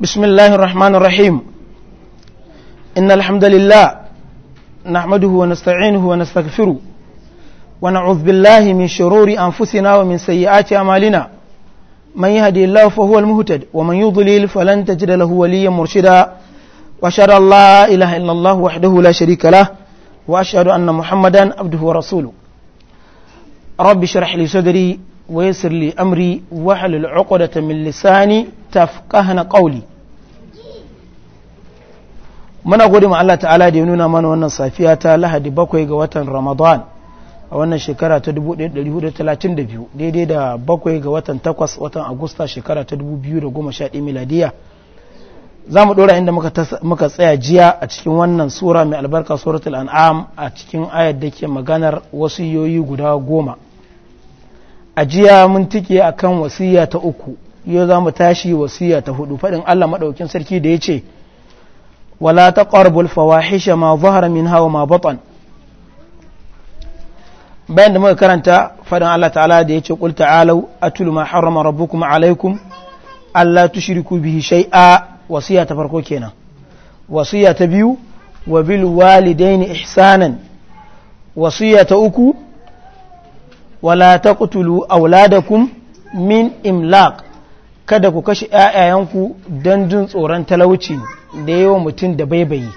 بسم الله الرحمن الرحيم إن الحمد لله نحمده ونستعينه ونستغفره ونعوذ بالله من شرور أنفسنا ومن سيئات أمالنا من يهدي الله فهو المهتد ومن يضلل فلن تجد له وليا مرشدا وأشهد أن لا إله إلا الله وحده لا شريك له وأشهد أن محمدا عبده ورسوله رب اشرح لي صدري ويسر لي أمري واحلل عقدة من لساني تفقهن قولي muna gode ma Allah ta'ala da ya nuna mana wannan safiya ta lahadi bakwai ga watan ramadan a wannan shekara ta 1432 daidai da bakwai ga watan takwas watan agusta shekara ta 2011 miladiya za mu dora inda muka tsaya jiya a cikin wannan sura mai albarka suratul an'am a cikin ayar da ke maganar wasu yoyi guda goma ajiya mun tike akan wasiya ta uku yau za mu tashi wasiya ta hudu faɗin Allah maɗaukin sarki da ya ce wala ta ƙarbul fawahisha ma zahara min hawa ma batan bayan da muka karanta faɗin Allah ta'ala da ya ce ƙul ta'alau tulu ma harrama rabbukum alaikum Allah shiriku bihi shay'a wasiya ta farko kenan wasiya ta biyu wa bil walidaini ihsanan wasiya ta uku wala kutulu auladakum min imlaq kada ku kashe ‘ya'yayanku don jin tsoron talauci da yawan mutum da baibayi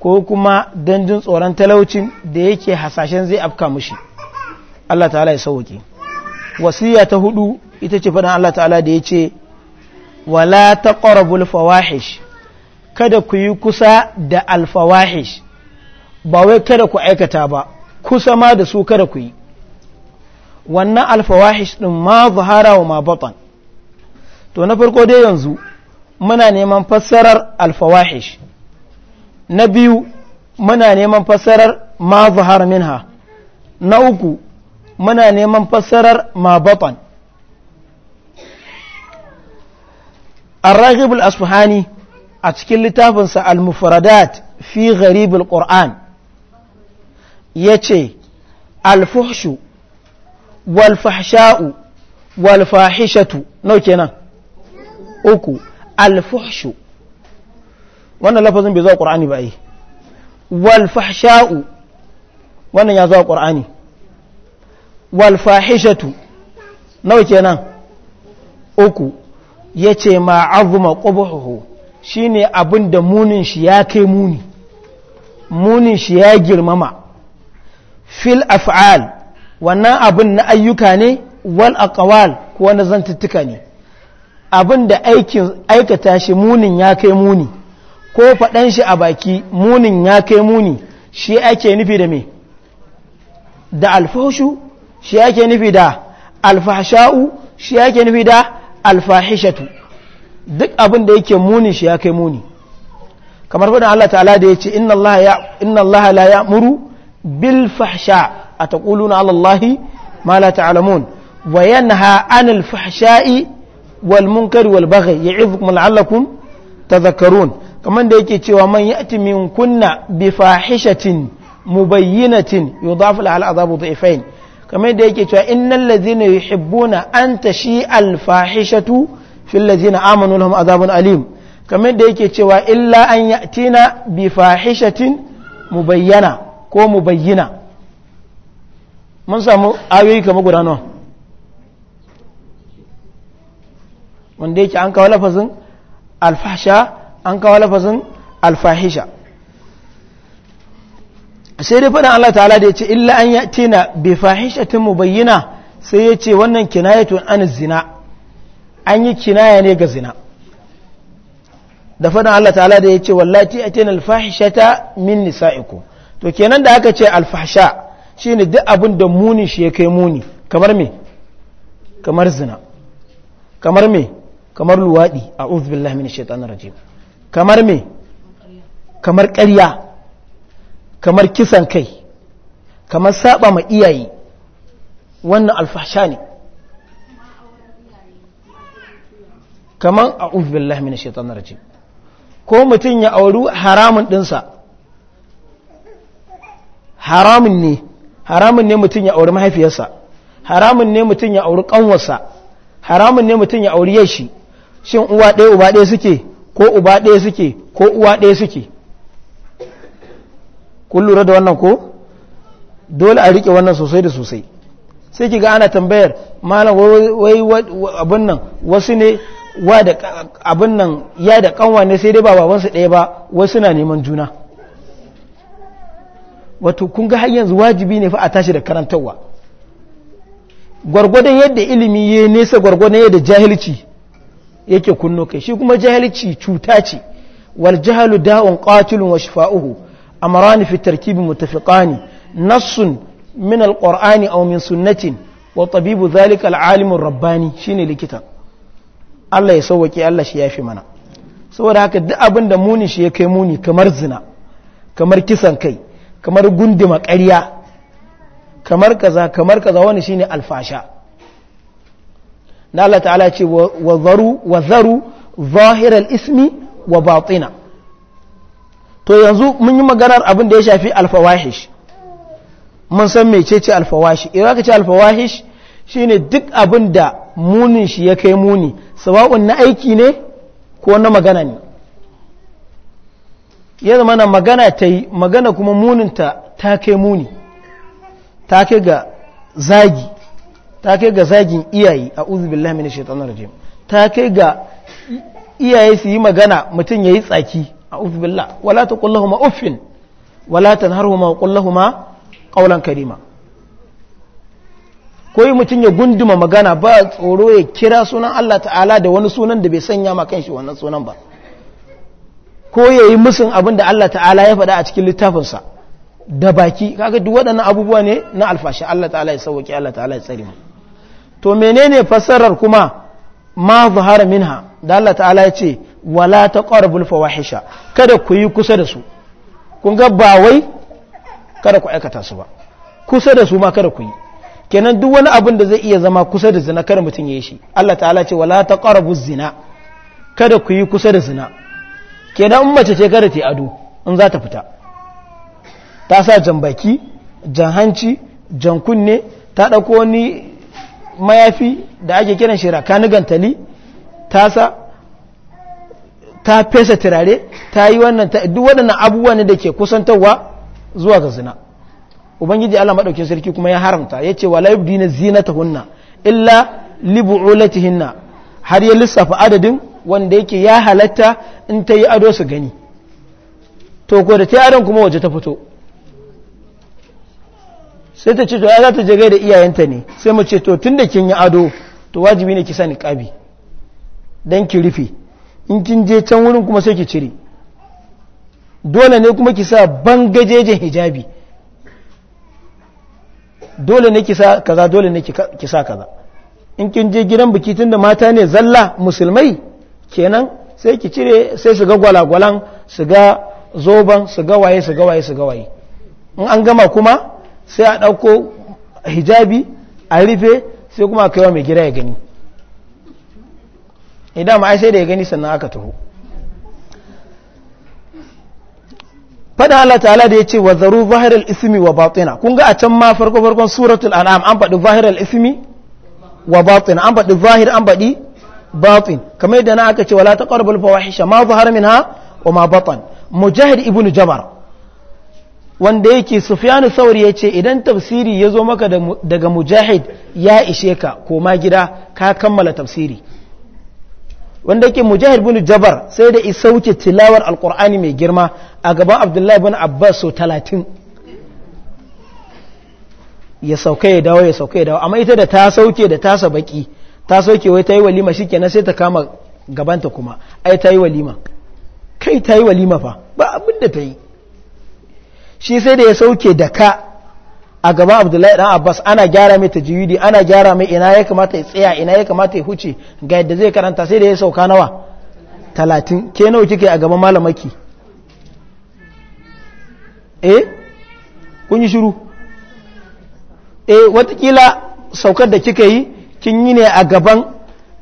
ko kuma don jin tsoron talaucin da yake hasashen zai afka mushi Allah ta'ala ya sauke wasiya ta hudu ita ce faɗin Allah ta'ala da ya ce wala ta ƙorabul fawahish kada ku yi kusa da alfawahish ba wai kada ku aikata ba kusa ma da su kada ku yi wannan alfawahish din ma zuhara wa ma batan to na farko dai yanzu muna neman fassarar alfawahish na biyu muna neman fassarar ma zuhar minha na uku muna neman fassarar ma a cikin littafinsa أتكل لتافنس fi في غريب ya ce alfuhshu. walfahsha'u walfahishatu nau kenan uku alfahshu wannan lafazin bai zuwa ƙorani ba yi walfahsha'u wannan ya zuwa ƙorani walfahishatu nau kenan uku ya ce ma'azuma ƙubuhu shi ne abin da munin shi ya kai muni munin shi ya girmama fil af'al wannan abin na ayyuka ne wal aqwal ko na zantattuka ne abin da aikata shi munin ya kai muni ko faɗan shi a baki munin ya kai muni shi ake nufi da me da alfahushu shi ake nufi da alfahashau shi ake nufi da alfahishatu duk abin da yake munin shi ya kai muni kamar faɗin Allah ta'ala da ya ce inna Allah la muru bil fahsha' أتقولون على الله ما لا تعلمون وينهى عن الفحشاء والمنكر والبغي يعظكم لعلكم تذكرون كمان ده يكي cewa man ya'ti min kunna bi fahishatin mubayyinatin yudaf la al'adab dhifain kamar da yake cewa innal ladzina yuhibbuna an tashi al fahishatu fil ladzina amanu lahum azabun alim kamar da yake cewa illa an ya'tina bi fahishatin mubayyana ko mubayyina mun samu ayoyi kamar guda nawa wanda yake an kawo lafazin alfahsha an kawo lafazin alfahisha sai dai faɗin Allah ta'ala da ya ce illa an yati na bi fahishatin mu bayyana sai ya ce wannan tun an zina an yi kinaya ne ga zina da faɗin Allah ta'ala da ya ce wallati atina alfahishata min nisa'iku to kenan da aka ce alfahsha ne duk abin da muni shi ya kai muni kamar me kamar zina kamar me kamar luwaɗi a uzbillahi min shaitanar rajim kamar me kamar ƙarya kamar kisan kai kamar saba ma iyaye wannan alfahsha ne kamar a uzbillahi min shaitanar rajim ko mutum ya auri haramun ɗinsa haramun ne haramun ne mutum ya auri mahaifiyarsa haramun ne mutum ya auri kanwarsa haramun ne mutum ya auri yashi shin uwa ɗaya uba ɗaya suke ko uba ɗaya suke ko uwa ɗaya suke kun lura da wannan ko dole a riƙe wannan sosai da sosai sai ki ga ana tambayar malam wai abin nan wasu ne wa da abin nan ya da kanwa ne sai dai ba babansu ɗaya ba wasu na neman juna wato kun ga har yanzu wajibi ne fa a tashi da karantarwa gwargwadon yadda ilimi ya nesa gwargwadon yadda jahilci yake kunno kai shi kuma jahilci cuta ce wal jahalu da'un qatilun wa shifa'uhu amrani fi tarkibi mutafiqani nassun min alqur'ani aw min sunnatin wa tabibu dhalika al'alimu rabbani shine likita Allah ya sauwake Allah shi yafi mana saboda haka duk abin da muni shi ya kai muni kamar zina kamar kisan kai kamar gunduma ƙarya kamar kaza kamar kaza wani shine alfasha na Allah ta'ala ce wa zaru wa zaru zahiral ismi wa batina to yanzu mun yi maganar abin da ya shafi alfawahish mun san mecece alfawahish idan ka ce alfawahish shine duk abin da munin shi ya kai muni sawa'un na aiki ne ko na magana ne ya zama na magana ta yi magana kuma muninta ta kai muni ta kai ga zagi ta kai ga zagin iyaye a uzubillahi lamini shaitanar rajim ta kai ga iyaye su yi magana mutum ya yi tsaki a uzubillah wala ta kullahu ma uffin wala ta huma ma kullahu ma karima ko yi mutum ya gunduma magana ba tsoro ya kira sunan Allah ta'ala da wani sunan da bai sanya ma kan shi wannan sunan ba ko ya yi musun abin da Allah ta'ala ya faɗa a cikin littafinsa da baki kaga duk waɗannan abubuwa ne na alfashi Allah ta'ala ya sauwaƙi Allah ta'ala ya tsari to menene fassarar kuma ma zuhara minha da Allah ta'ala ya ce wala taqrabul fawahisha kada ku yi kusa da su kun ga ba wai kada ku aikata su ba kusa da su ma kada ku yi kenan duk wani abin da zai iya zama kusa da zina kada mutum ya yi shi Allah ta'ala ce wala taqrabuz zina kada ku yi kusa da zina kenan mace ce kada ta ado in za ta fita ta sa jan baki jan hanci jan kunne ta ɗauko wani mayafi da ake kiran shi rakanigantali ta sa ta fesa turare ta yi wannan duk waɗannan abubuwa ne da ke kusantarwa zuwa ga zina ubangiji Allah maɗaukin sarki kuma ya haramta ya ce wala zina ta hunna illa libu'ulatihinna har ya lissafa adadin wanda yake ya halatta in ta yi ado su gani to ko da ta yi adon kuma waje ta fito sai ta ce to ya za ta je da iyayenta ne sai mu ce to tun da kin yi ado to wajibi ne ki sa niqabi dan ki rufe in kin je can wurin kuma sai ki cire dole ne kuma ki sa bangajejen hijabi dole ne ki sa kaza dole ne ki sa kaza in kin je gidan biki tunda mata ne zalla musulmai kenan sai ki cire sai su ga gwalagwalan su ga zoban su ga waye su ga waye su ga waye in an gama kuma sai a ɗauko hijabi a rufe sai kuma kaiwa mai gida ya gani idan eh, ma sai da ya gani sannan aka taho fada Allah ta'ala da ya ce wa zaru zahirar ismi wa batina kun ga a can ma farko farkon suratul an'am an faɗi zahirar ismi wa batina an faɗi zahir an faɗi batin kamar yadda na aka ce wala taqrabul fawahisha ma zahara minha wa ma batan mujahid ibnu jabar wanda yake sufyanu sauri ya ce idan tafsiri ya zo maka daga mujahid ya ishe ka koma gida ka kammala tafsiri wanda yake mujahid bin jabar sai da isauke tilawar alkur'ani mai girma a gaban abdullahi bin abbas so talatin ya sauka ya dawo ya sauka ya dawo amma ita da ta sauke da ta sabaki ta soke wai ta yi walima shi kenan sai ta kama gabanta kuma ai ta yi walima kai ta yi walima fa ba abin da ta yi shi sai da ya sauke da ka a gaban abdullahi dan abbas ana gyara mai tajwidi ana gyara mai ina ya kamata ya tsaya ina ya kamata ya huce ga yadda zai karanta sai da ya sauka nawa talatin ke nawa kike a gaban malamaki eh kun yi shiru eh watakila saukar da kika yi kin yi ne a gaban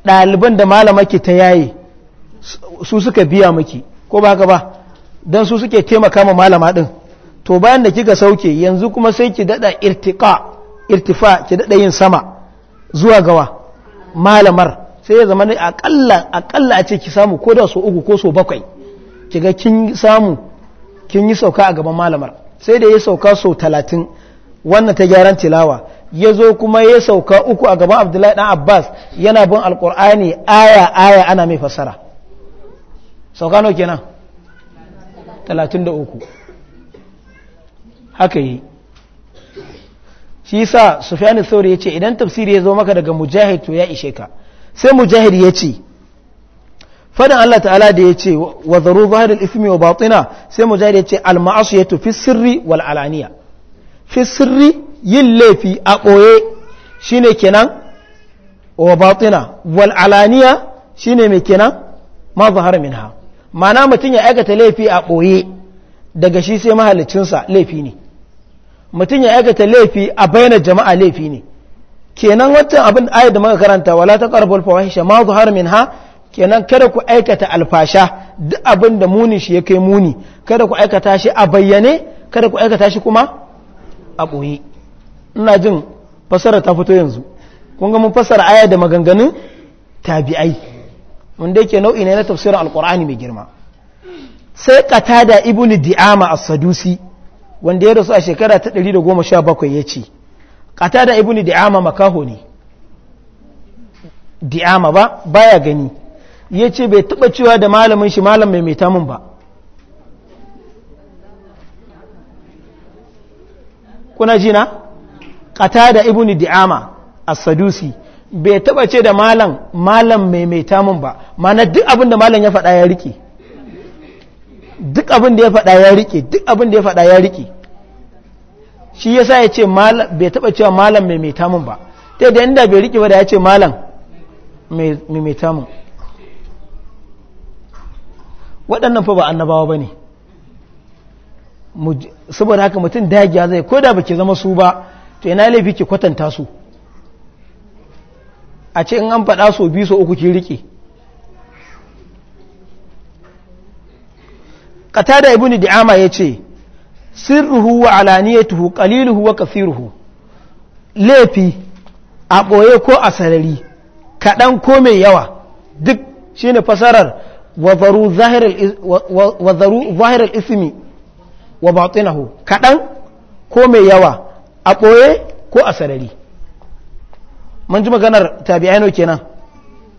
ɗaliban da malama ke ta yaye su suka biya maki ko ba ka ba don su suke taimaka ma malama ɗin to bayan da kika sauke yanzu kuma sai ki daɗa irtifa ki daɗa yin sama zuwa gawa malamar sai ya zama akalla a ce ki samu ko da so uku ko so bakwai Ki kiga kin samu kin yi sauka a gaban malamar sai da ya sauka so talatin wannan ta gyaran tilawa ya zo kuma ya sauka uku a gaban abdullahi dan abbas yana bin alkur'ani aya aya ana mai fassara sauka nau kenan 33 haka yi shi sa sauri ya ce idan tafsiri ya zo maka daga mujahid to ya ishe ka sai mujahid ya ce fadin Allah ta'ala da ya ce wa zaru zahirul ismi wa batina sai mujahid ya ce al ya fi sirri wal alaniya fi sirri yin laifi a ɓoye shine kenan wa batina wal'alaniya alaniya shine mai kenan ma min ha mana mutum ya aikata laifi a ɓoye daga shi sai mahalicinsa laifi ne mutum ya aikata laifi a bayyana jama'a laifi ne kenan wancan abin ayat da muka karanta wala taqrabul wahisha ma min ha kenan kada ku aikata alfasha duk abin da muni shi ya kai muni kada ku aikata shi a bayyane kada ku aikata shi kuma a ɓoye ina jin fasara ta fito yanzu kun ga mun fasara aya da maganganun tabi'ai wanda yake nau'i ne na tafsirin alkur'ani mai girma sai qatada ibnu di'ama as-sadusi wanda ya rasu a shekara ta 117 yace qatada ibn di'ama makaho ne di'ama ba baya gani yace bai taba cewa da malamin shi malam mai mai mun ba kuna ji na qatada ibn di'ama as-sadusi bai taba ce da malam malam mai tamun ba mana duk abin da malam ya faɗa ya rike duk abin da ya faɗa ya rike duk abin da ya faɗa ya rike shi yasa ya ce bai taba cewa malam mai mai tamun ba ta da inda bai rike ba da ya ce malam mai mai tamun waɗannan fa ba annabawa ba ne saboda haka mutum dagiya zai ko da ba ke zama su ba to ina laifi ke kwatanta su a ce in an faɗa so biyu so uku ki riƙe qatada ibnu di'ama ce sirruhu wa alaniyatuhu ƙaliluhu wa kathiruhu laifi a ɓoye ko a sarari kaɗan ko mai yawa duk shine fasarar wazaru zahir ismi wa batinahu kaɗan ko mai yawa a ɓoye ko a sarari mun ji maganar tabi'aino kenan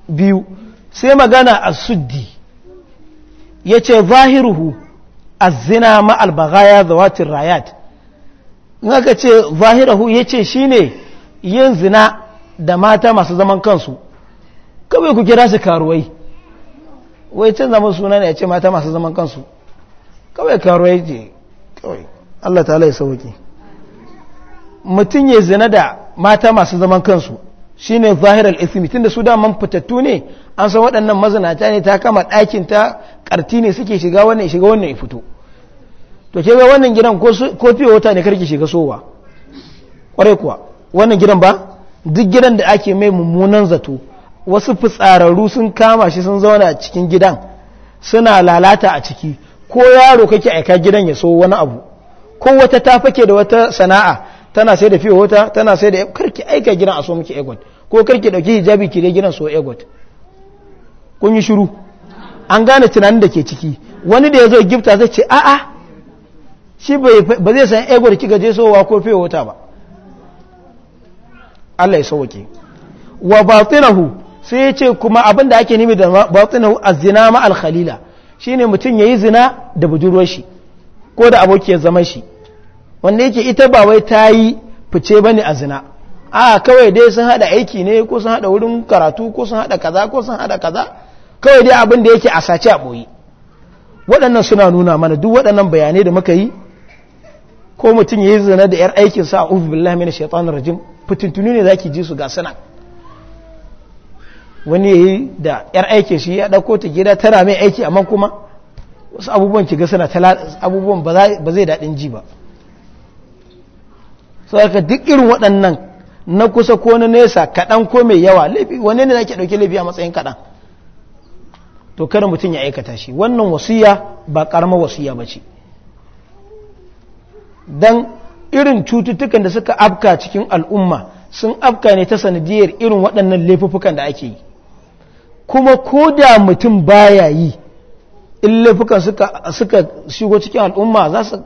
biyu sai magana a suddi ya ce zahiruhu a zina ma'al bagaya zawatin rayat ina ka ce zahiruhu ya ce shi ne yin zina da mata masu zaman kansu kawai ku kira su karuwai wai canza zama suna ne ya ce mata masu zaman kansu kawai karuwai ce kawai Allah ta ya sauki mutum ya zina da mata masu zaman kansu shi ne zahirar ismi tun da su daman fitattu ne an san waɗannan mazinata ne ta kama ɗakin ta ƙarti ne suke shiga wannan shiga wannan ya fito to ke ga wannan gidan ko fiye wata ne karki shiga sowa ƙwarai kuwa wannan gidan ba duk gidan da ake mai mummunan zato wasu fitsararru sun kama shi sun zauna a cikin gidan suna lalata a ciki ko yaro kake aika gidan ya so wani abu ko wata ta fake da wata sana'a tana sai da fiye wata tana sai da karki aika gidan a so muke egot ko karki dauki hijabi ki dai gidan so egot kun yi shiru an gane tunanin da ke ciki wani da ya zo gifta zai ce a'a shi ba zai san egot ki gaje sowa ko fiye ba Allah ya sauke wa batinahu sai ya ce kuma abin da ake nimi da batinahu azina ma al shine mutum yayi zina da budurwar shi ko da abokiyar zaman shi wanda yake ita ba wai ta yi fice ba ne a zina a kawai dai sun haɗa aiki ne ko sun haɗa wurin karatu ko sun haɗa kaza ko sun haɗa kaza kawai dai abin da yake a sace a ɓoye waɗannan suna nuna mana duk waɗannan bayanai da muka yi ko mutum ya yi zina da 'yar aikin sa a ufi billahi mina shaitan rajim fitintuni ne za ki ji su ga suna wani ya yi da 'yar aikin shi ya ɗauko ta gida tana mai aiki amma kuma wasu abubuwan ki ga suna abubuwan ba zai daɗin ji ba saboda duk irin waɗannan na kusa ko na nesa kaɗan ko mai yawa laifi wanne ne zaki ɗauki laifi a matsayin kaɗan to kada mutum ya aikata shi wannan wasiya ba ƙaramar wasiya ba ce don irin cututtukan da suka afka cikin al'umma sun afka ne ta sanadiyar irin waɗannan laifuffukan da ake yi kuma ko da mutum baya yi in laifukan suka shigo cikin al'umma za su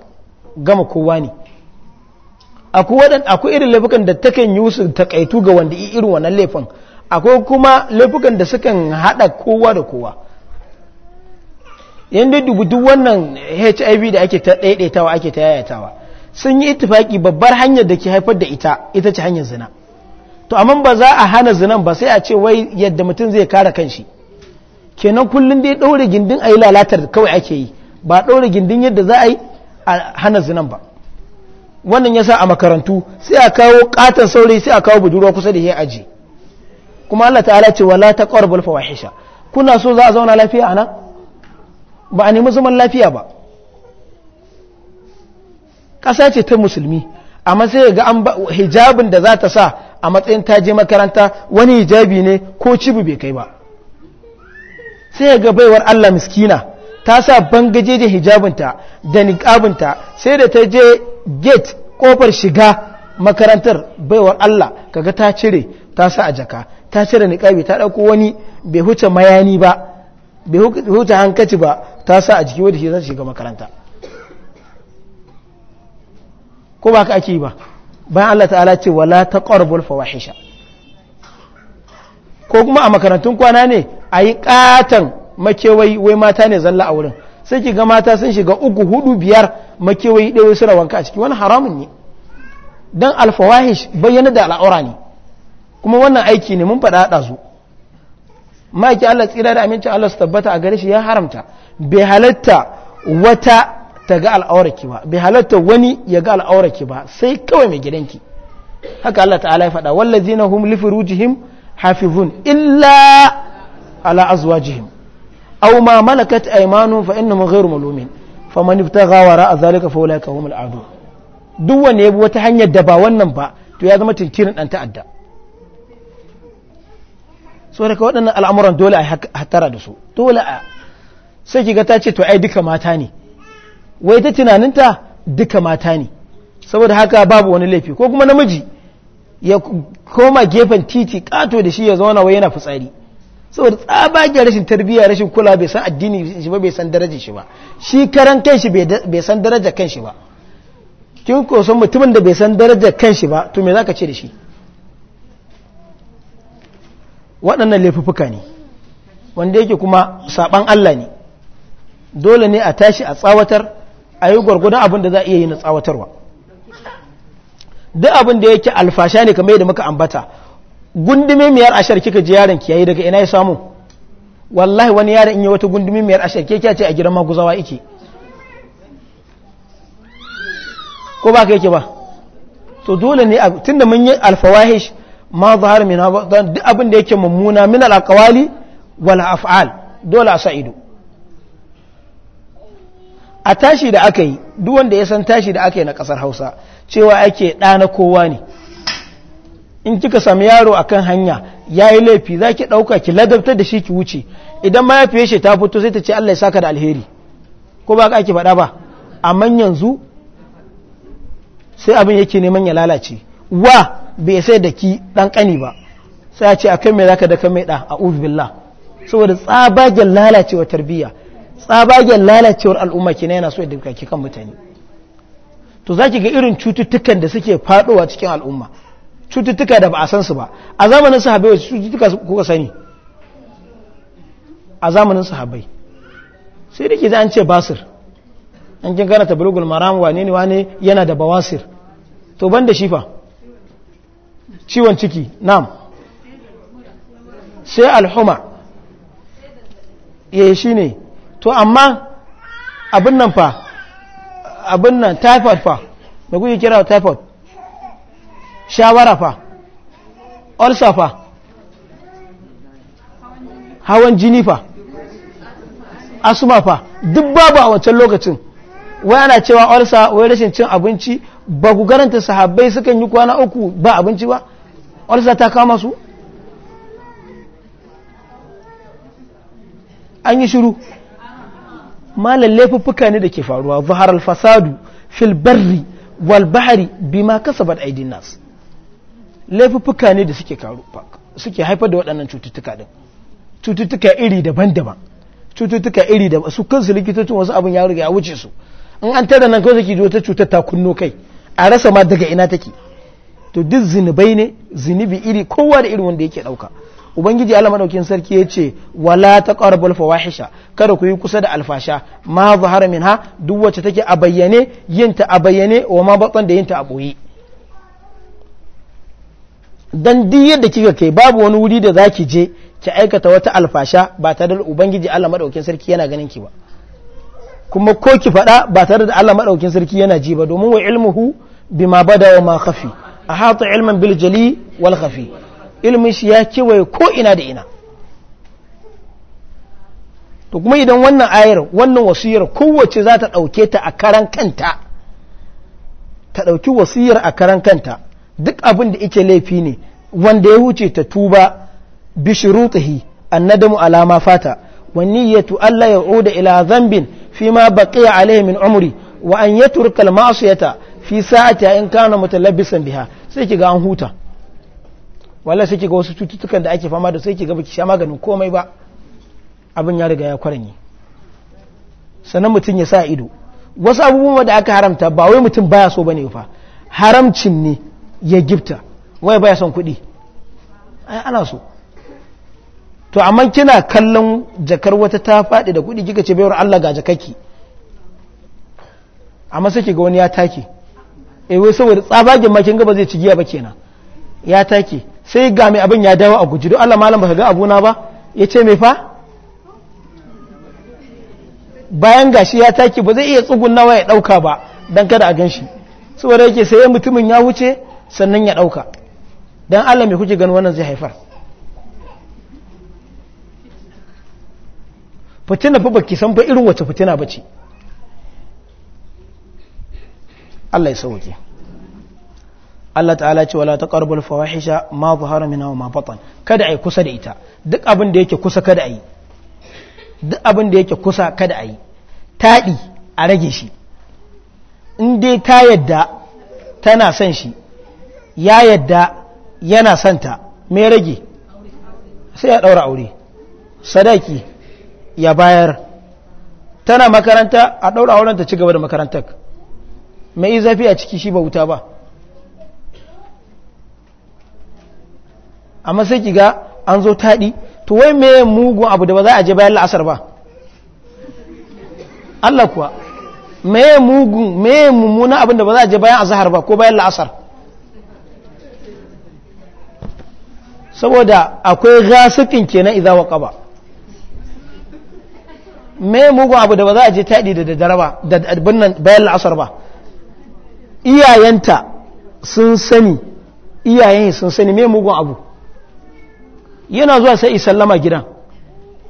gama kowa ne akwai irin laifukan da takan yi su takaitu ga wanda irin wannan laifin akwai kuma laifukan da sukan hada kowa da kowa yadda duk wannan hiv da ake ta daidaitawa ake ta yayatawa sun yi itifaki babbar hanyar da ke haifar da ita ita ce hanyar zina to amma ba za a hana zinan ba sai a ce wai yadda mutum zai kare kanshi kenan kullum dai ɗaure gindin a yi lalatar kawai ake yi ba ɗaure gindin yadda za a yi a hana zinan ba wannan ya sa a makarantu sai a kawo katon saurayi sai a kawo budurwa kusa da ya aji kuma Allah ta'ala ce wala taqrabul fawahisha kuna so za a zauna lafiya ana ba a nemi zaman lafiya ba ƙasa ce ta musulmi amma sai ga an hijabin da za ta sa a matsayin ta je makaranta wani hijabi ne ko cibi bai kai ba sai ga baiwar Allah miskina ta sa bangaje da hijabinta da niƙabinta sai da ta je gate kofar shiga makarantar baiwar Allah kaga ta cire ta sa a jaka ta cire niqabi ta dauko wani bai huce mayani ba bai huce hankaci ba ta sa a jiki wanda shi za shiga makaranta ko ba ka ake ba bayan Allah ta'ala ce wala taqrabul fawahisha ko kuma a makarantun kwana ne ayi katan makewayi wai mata ne zalla a wurin sai ki ga mata sun shiga uku hudu biyar makewayi ɗaya suna wanka a ciki wani haramun ne dan alfawahish bayyana da al'aura ne kuma wannan aiki ne mun faɗa haɗa su maki Allah tsira da amincin Allah su tabbata a gare shi ya haramta bai halatta wata ta ga al'aurarki ba bai halatta wani ya ga al'aurarki ba sai kawai mai gidanki haka Allah ta'ala ya faɗa wallazina hum lifurujihim hafizun illa ala azwajihim أو ما ملكت أيمانهم فإنهم غير ملومين فمن ابتغى وراء ذلك فأولئك هم العادون duk wanda ya bi wata hanyar da ba wannan ba to ya zama tinkirin ɗan ta'adda so ka waɗannan al'amuran dole a hatara da su dole a sai kiga ta ce to ai duka mata ne wai ta tunaninta duka mata ne saboda haka babu wani laifi ko kuma namiji ya koma gefen titi kato da shi ya zauna wai yana fitsari saboda tsabagen rashin tarbiyya rashin kula bai san addini shi ba bai san daraja shi ba shi karan kanshi bai san daraja kanshi ba kin ko san mutumin da bai san daraja kanshi ba to me zaka ce da shi waɗannan laifuffuka ne wanda yake kuma saban Allah ne dole ne a tashi a tsawatar a yi gwargwadon abin da za a iya yi na tsawatarwa duk abin da yake alfasha ne kamar yadda muka ambata gundume miyar ashar kika ji yaron ki yayi daga ina ya samu wallahi wani yaron in yi wata gundume miyar ashar ke kya ce a gidan maguzawa yake ko ba ka yake ba to dole ne tunda mun yi alfawahish ma zahar min duk abin da yake mummuna min alaqwali wal af'al dole a sa'idu ido a tashi da aka yi duk wanda ya san tashi da aka yi na kasar Hausa cewa ake ɗa na kowa ne in kika sami yaro akan hanya ya yi laifi za ki ɗauka ki ladabtar da shi ki wuce idan ma ya fiye shi ta fito sai ta ce Allah ya saka da alheri ko ba ka ake faɗa ba amma yanzu sai abin yake neman ya lalace wa bai sai da ki ɗan ƙani ba sai ya ce akan mai zaka da kan mai ɗa a ubilla saboda tsabagen lalacewar tarbiyya tsabagen lalacewar al'umma kina yana so ya dukkan kan mutane to za ki ga irin cututtukan da suke faɗowa cikin al'umma cututtuka da ba a san su ba a zamanin sahabai wasu cututtuka kuka sani a zamanin sahabai sai da ke an ce basir an kin gana bulugul maram wane ne wane yana da bawasir to ban da shifa ciwon ciki nam sai alhuma ya eh, shi ne to amma abin nan fa abin nan typhoid fa da kuke kira typhoid shawara fa olsa fa hawan jini fa asuma fa duk babu a wancan lokacin wai ana cewa olsa wai rashin cin abinci ba ku garanta sahabbai sukan yi kwana uku ba abinci ba olsa ta kama su an yi shiru malan laifuffuka ne da ke faruwa zuhar alfasadu fil barri wal bahri bima kasabat aidin nas laifuffuka ne da suke karu suke haifar da waɗannan cututtuka din cututtuka iri daban-daban cututtuka iri daban su kansu likitocin wasu abin ya riga ya wuce su in an tara nan kawai take wata cutar ta kunno kai a rasa ma daga ina take to duk zinubai ne zinubi iri kowa da irin wanda yake ɗauka ubangiji Allah madaukin sarki ya ce wala taqrabul fawahisha kada ku yi kusa da alfasha ma zahara minha duk wacce take a bayyane yinta a bayyane wa ma batsan da yinta a boye dan duk yadda kika kai babu wani wuri da za ki je ki aikata wata alfasha ba tare da ubangiji Allah madaukin sarki yana ganin ki ba kuma ko ki faɗa ba tare da Allah madaukin sarki yana ji ba domin wa ilmuhu bima bada wa ma khafi ahata ilman bil jali wal khafi ilmin shi ya kewaye ko ina da ina to kuma idan wannan ayar wannan wasiyar kowace za ta ɗauke ta a karan kanta ta ɗauki wasiyar a karan kanta duk abin da yake laifi ne wanda ya huce ta tuba bi shurutihi annadamu alama fata wa niyyatu alla ya'uda ila dhanbin ma baqiya alayhi min umri wa an yatruka al ma'siyata fi sa'ati in kana mutalabbisan biha sai kiga an huta walla sai kiga wasu cututtukan da ake fama da sai kiga baki sha maganin komai ba abin ya riga ya kwaranye sannan mutum ya sa ido wasu abubuwan da aka haramta ba wai mutum baya so bane fa haramcin ne ya gifta wai baya son kuɗi ai ana so to amma kina kallon jakar wata ta faɗi da kuɗi kika ce bayar Allah ga jakaki amma sai ga wani ya take eh wai saboda tsabagen ma kin ga ba zai ci giya ba kenan ya take sai ga mai abin ya dawo a guji don Allah malam baka ga abuna ba ya ce mai fa bayan gashi ya take ba zai iya tsugunnawa ya dauka ba dan kada a ganshi saboda yake sai mutumin ya wuce sannan ya ɗauka don allah mai kuke gani wannan zai haifar fitina fa baki san fa irin wace fitina ba ce allah ya sauke Allah ta'ala ce wala ƙarbar fawahisha ma zahara haramina wa ma batan kada yi kusa da ita duk abin da yake kusa kada yi duk abin da yake kusa kada yi taɗi a rage shi in dai ta yadda tana son shi ya yadda yana santa mai rage sai ya ɗaura aure sadaki ya bayar tana makaranta a ɗaura auren ta ci gaba da makarantar mai zafi a ciki shi ba wuta ba amma sai ki ga an zo taɗi to wai mai mugun abu da ba za a je bayan la'asar ba Allah kuwa mai mugun mai mummuna abin da ba za a je bayan azahar ba ko bayan la'asar saboda akwai gasifin kenan wa ƙaba me mugu abu da ba za a je taɗi da daddare ba da abinnan bayan la'asar ba iyayenta sun sani iyayen sun sani me mugun abu yana zuwa sai lama gidan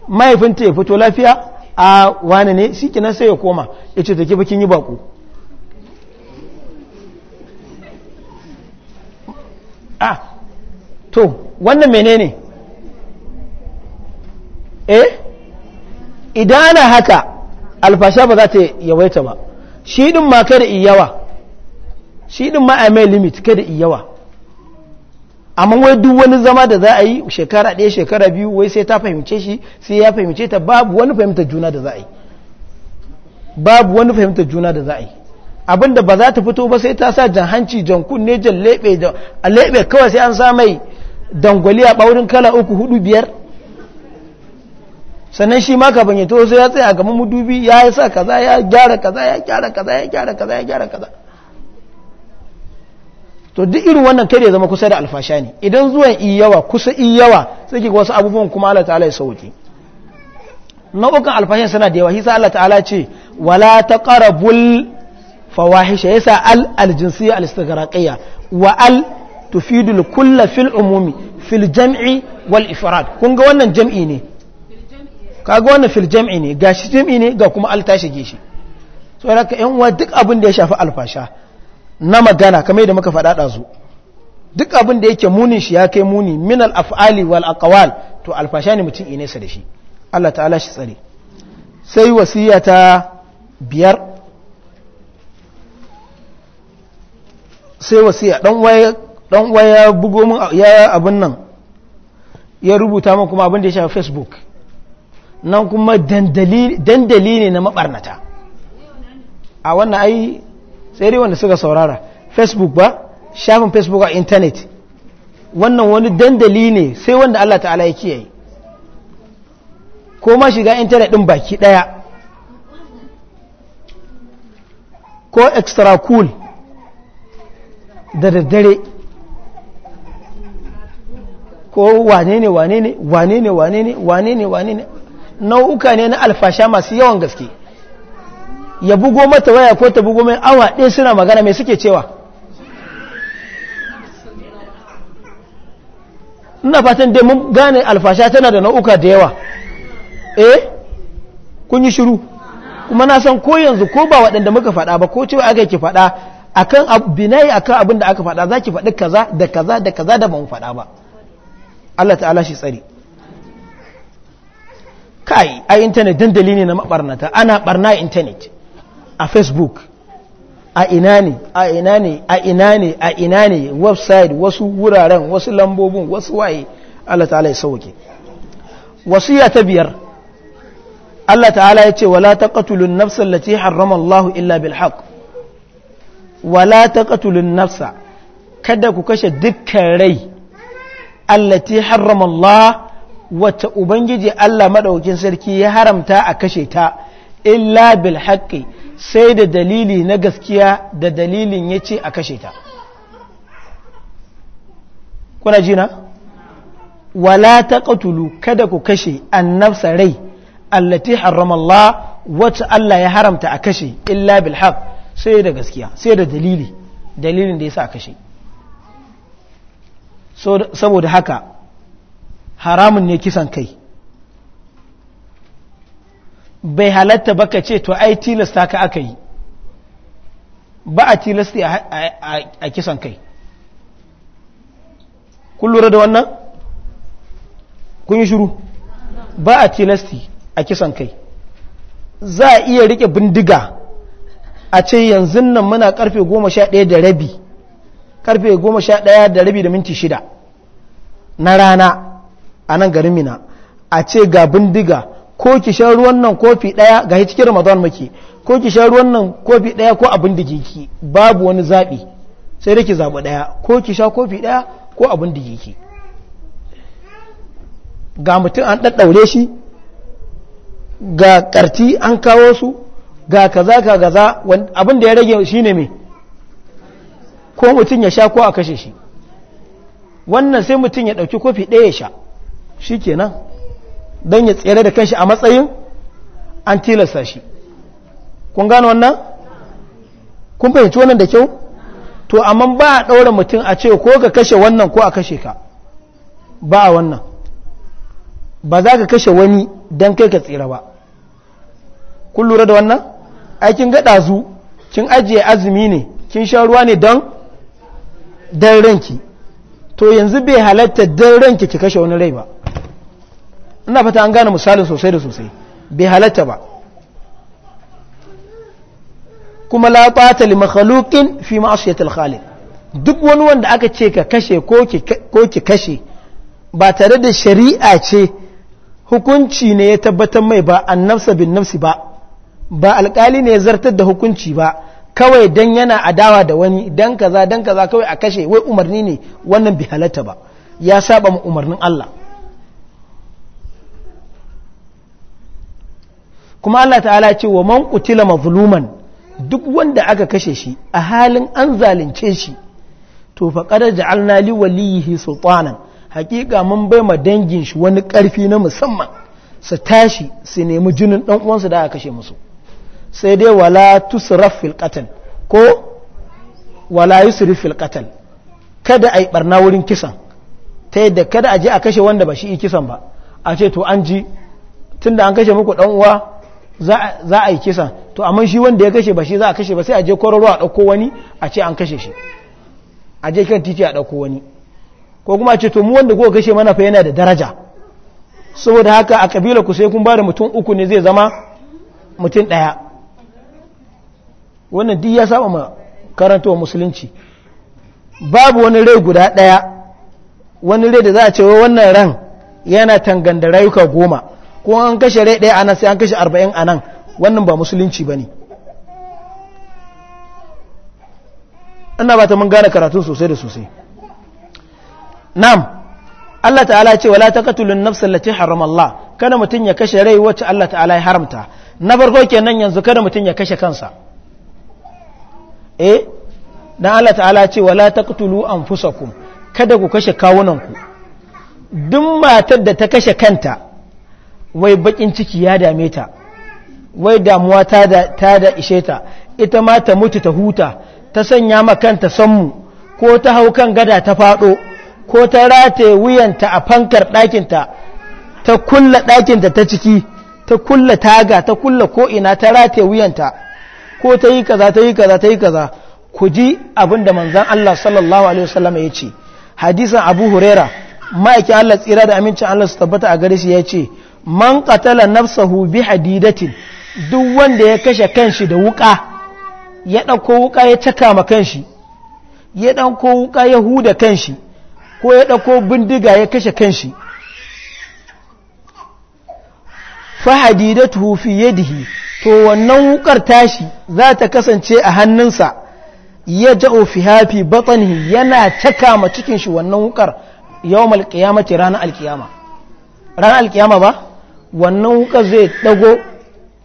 mahaifinta ya fito lafiya a wane ne shi kinan sai ya koma ya ce take bakin yi baku a ah, to wannan menene eh idana haka alfasha ba za ta yawaita ba shi din ma kada iyawa shi din ma ai mai limit kada iyawa amma wai duk wani zama da za a yi shekara ɗaya shekara biyu wai sai ta fahimce shi sai ya fahimce ta babu wani fahimtar juna da za a yi babu wani fahimtar juna da za a yi abinda ba za ta fito ba sai ta sa jan hanci jan kunne jan lebe kawai sai an sa mai dangwali a ɓaurin kala uku hudu biyar sannan shi ma kafin ya to sai ya tsaya gaban mudubi ya yi sa kaza ya gyara kaza ya gyara kaza ya gyara kaza ya gyara kaza to duk irin wannan kai ya zama kusa da alfasha ne idan zuwan yawa kusa yawa sai ki wasu abubuwan kuma Allah ta'ala ya sauke nau'ukan alfashin suna da yawa sa Allah ta'ala ce wala taqrabul fawahisha yasa al aljinsiyya al istighraqiyya wa al tufidul kulla fil umumi fil jam'i wal ifrad kun ga wannan jam'i ne kaga wannan fil jam'i ne ga shi jam'i ne ga kuma altashi gishi so raka yan uwa duk abin da ya shafi alfasha na magana kamar yadda muka faɗa ɗazu duk abin da yake munin shi ya kai muni min al-af'ali wal aqwal to alfasha ne mutum ine sa da shi Allah ta'ala shi tsare sai wasiya ta biyar sai wasiya dan waye Ɗan uwa ya bugo mun ya abin nan ya rubuta min kuma abin da ya shafi facebook nan kuma dandali ne na mabarnata a wannan ai sai dai wanda suka saurara facebook ba shafin facebook a intanet wannan wani dandali ne sai wanda Allah ta'ala ya kiyaye ko ma shiga intanet ɗin baki ɗaya ko extra cool da daddare ko wane ne wane ne wane ne wane ne wane ne wane ne nau'uka ne na alfasha masu yawan gaske ya bugo mata waya ko ta bugo mai awa ɗin suna magana mai suke cewa ina fatan dai mun gane alfasha tana da nau'uka da yawa eh kun yi shiru kuma na san ko yanzu ko ba waɗanda muka faɗa ba ko cewa aka ki faɗa akan binayi akan abin da aka faɗa za ki faɗi kaza da kaza da kaza da ban faɗa ba Allah ta'ala shi tsari kai a intanet dandali ne na maɓarnata ana ɓarna intanet a facebook a ina ne a ina ne a ina ne a ina ne website wasu wuraren wasu lambobin wasu waye Allah ta'ala ya sauke wasiya ta biyar Allah ta'ala ya ce wala taqtulun nafsa allati harrama Allah illa bil haqq wala taqtulun nafsa kada ku kashe dukkan rai allati harrama Allah wacce ubangiji Allah madaukin sarki ya haramta a kashe ta illa bil haqqi sai da dalili na gaskiya da dalilin yace a kashe ta kuna jina wala taqtulu kada ku kashe annafsa rai allati harrama Allah wacce Allah ya haramta a kashe illa bil haqq sai da gaskiya sai da dalili dalilin da yasa a kashe saboda haka haramun ne kisan kai bai halatta ba ka ce to ai tilasta ka aka yi ba a tilasta a kisan kai kun lura da wannan kun yi shuru ba a tilasti a kisan kai za a iya rike bindiga a ce yanzu nan muna karfe goma sha ɗaya da rabi karfe goma sha ɗaya da rabi da minti shida na rana a nan garin mina a ce ga bindiga ko ki sha ruwan nan kofi ɗaya ga cikin ramadan muke ko ki sha ruwan nan kofi ɗaya ko abin da babu wani zabi sai da ki zaɓi ɗaya ko ki sha kofi ɗaya ko abin da ga mutum an daure shi ga karti an kawo su ga kaza ka abin da ya rage shi ne mai ko mutum ya sha ko a kashe shi wannan sai mutum ya ɗauki kofi ɗaya ya sha shi kenan don ya tsere da kanshi a matsayin an tilasta shi kun gano wannan kun fahimci wannan da kyau to amma ba a ɗaura mutum a ce ko ka kashe wannan ko a kashe ka ba a wannan ba za ka kashe wani don kai ka tsira ba kun lura da wannan aikin gaɗa zu kin ajiye azumi ne kin sha ruwa ne don dan ranki to yanzu bai halatta dan ranki ki kashe wani rai ba ina fata an gane misalin sosai da sosai bai halatta ba kuma la tata li makhluqin fi ma'siyati al-khaliq duk wani wanda aka ce ka kashe ko ki kashe ba tare da shari'a ce hukunci ne ya tabbatar mai ba annabsa bin nafsi ba ba alkali ne ya zartar da hukunci ba kawai dan yana adawa da wani dan kaza dan kaza kawai a kashe wai umarni ne wannan bi halatta ba ya saba mu umarnin Allah kuma Allah ta'ala ce wa man kutila mazluman duk wanda aka kashe shi a halin an zalunce shi to fa qad ja'alna li walihi sultana hakika mun bai ma dangin shi wani karfi na musamman su tashi su nemi jinin dan uwansu da aka kashe musu sai dai wala tusraf fil qatl ko wala yusrif fil qatl kada ai barna wurin kisan ta yadda kada a je a kashe wanda ba shi kisan ba a ce to an ji tunda an kashe muku dan uwa za a yi kisan to amma shi wanda ya kashe ba shi za a kashe ba sai a je a ɗauko wani a ce an kashe shi a je kan titi a ɗauko wani ko kuma a ce to mu wanda kuka kashe mana fa yana da daraja saboda haka a kabila ku sai kun ba da mutum uku ne zai zama mutum ɗaya wannan duk ya saba ma wa musulunci babu wani rai guda daya wani rai da za a ce wannan ran yana tanganda rayuka goma ko an kashe rai ɗaya anan sai an kashe arba'in anan wannan ba musulunci ba ne ina ba ta mun gane karatu sosai da sosai na'am Allah ta'ala ce wala taqtulun nafs lati harrama Allah kada mutun ya kashe rai wacce Allah ta'ala ya haramta na farko kenan yanzu kada mutun ya kashe kansa eh dan Allah ta'ala ce wala taqtulu anfusakum kada ku kashe kawunanku duk matar da ta kashe kanta wai bakin ciki ya dame ta wai damuwa ta da ta da ishe ta ita ma ta mutu ta huta ta sanya ma kanta sanmu ko ta hau kan gada ta fado ko ta rataye wuyanta a fankar ɗakinta ta kulla ɗakinta ta ciki ta kulla taga ta kulla ko'ina ta rataye wuyanta ko ta yi kaza ta yi kaza ta yi kaza ku ji abin da manzan Allah sallallahu alaihi wasallam ya ce hadisan Abu Huraira ma'aikin Allah tsira da amincin Allah su tabbata a gare shi ya ce man katala nafsahu bi hadidatin duk wanda ya kashe kanshi da wuka ya ɗauko wuka ya caka ma kanshi ya ɗauko wuka ya huda kanshi ko ya ɗauko bindiga ya kashe kanshi fa hadidatu fi yadihi to wannan wukar tashi za ta kasance a hannunsa ya ja'o fi hafi batsani yana caka ma cikin shi wannan wukar yau alkiyama ce ranar alkiyama ranar alkiyama ba wannan wukar zai dago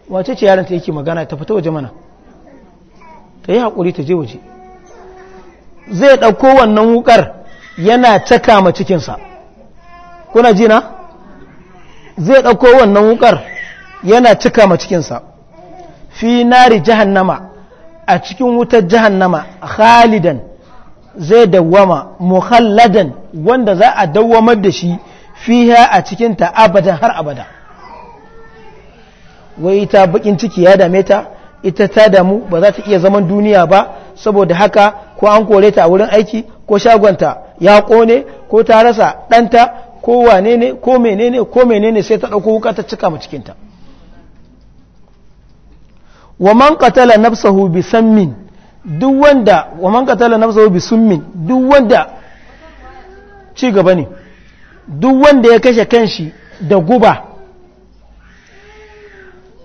wace ce yaranta ta yake magana ta fita waje mana ta yi haƙuri ta je waje zai ɗauko wannan wukar yana caka ma cikinsa kuna jina zai ɗauko wannan wukar yana cika ma cikinsa fi nari jahannama a cikin wutar jahannama khalidan zai dawwama mukhalladan wanda za a dawwamar da shi fiha a cikin ta abadan har abada wai ta bakin ciki ya dame ta ita ta damu ba za ta iya zaman duniya ba saboda haka ko an kore ta a wurin aiki ko shagonta ya kone ko ta rasa danta ko wane ne ko menene ko menene sai ta dauko wuka ta cika mu cikinta wa man qatala nafsahu bi sammin duk wanda wa man qatala nafsahu bi summin duk wanda ci gaba ne duk wanda ya kashe kanshi da guba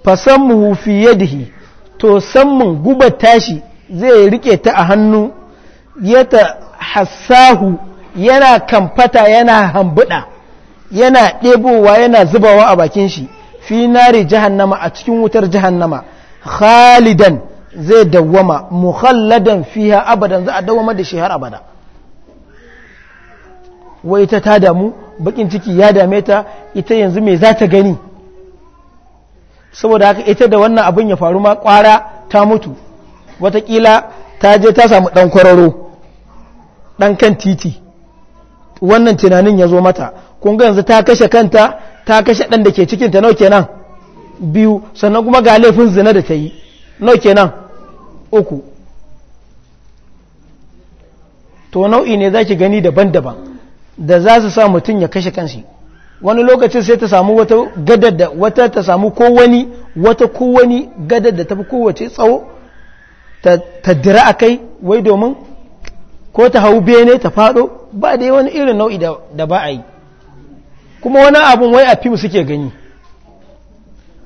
fasammuhu fi yadihi to sammun guba tashi zai rike ta a hannu ya ta hassahu yana kamfata yana hambuda yana ɗebowa yana zubawa a bakin shi fi nari jahannama a cikin wutar jahannama khalidan zai dawwama mukhalladan fiha abadan za a dawwama da shi har abada wai ta ta damu bakin ciki ya dame ta ita yanzu me za ta gani saboda haka ita da wannan abin ya faru ma kwara ta mutu watakila ta je ta samu dan kwararo dan kan titi wannan tunanin ya zo mata kun yanzu ta kashe kanta ta kashe dan da ke cikinta nau kenan biyu sannan kuma ga laifin zina da ta yi nau nan uku to nau'i ne za ki gani daban-daban da za su sa mutum ya kashe shi wani lokacin sai ta samu wata gadar da wata ta samu kowani wata kowani gadar da ta fi kowace tsawo ta dira a kai wai domin ko ta hau bene ta fado ba dai wani irin nau'i da ba a yi kuma wani abun wai a fim suke gani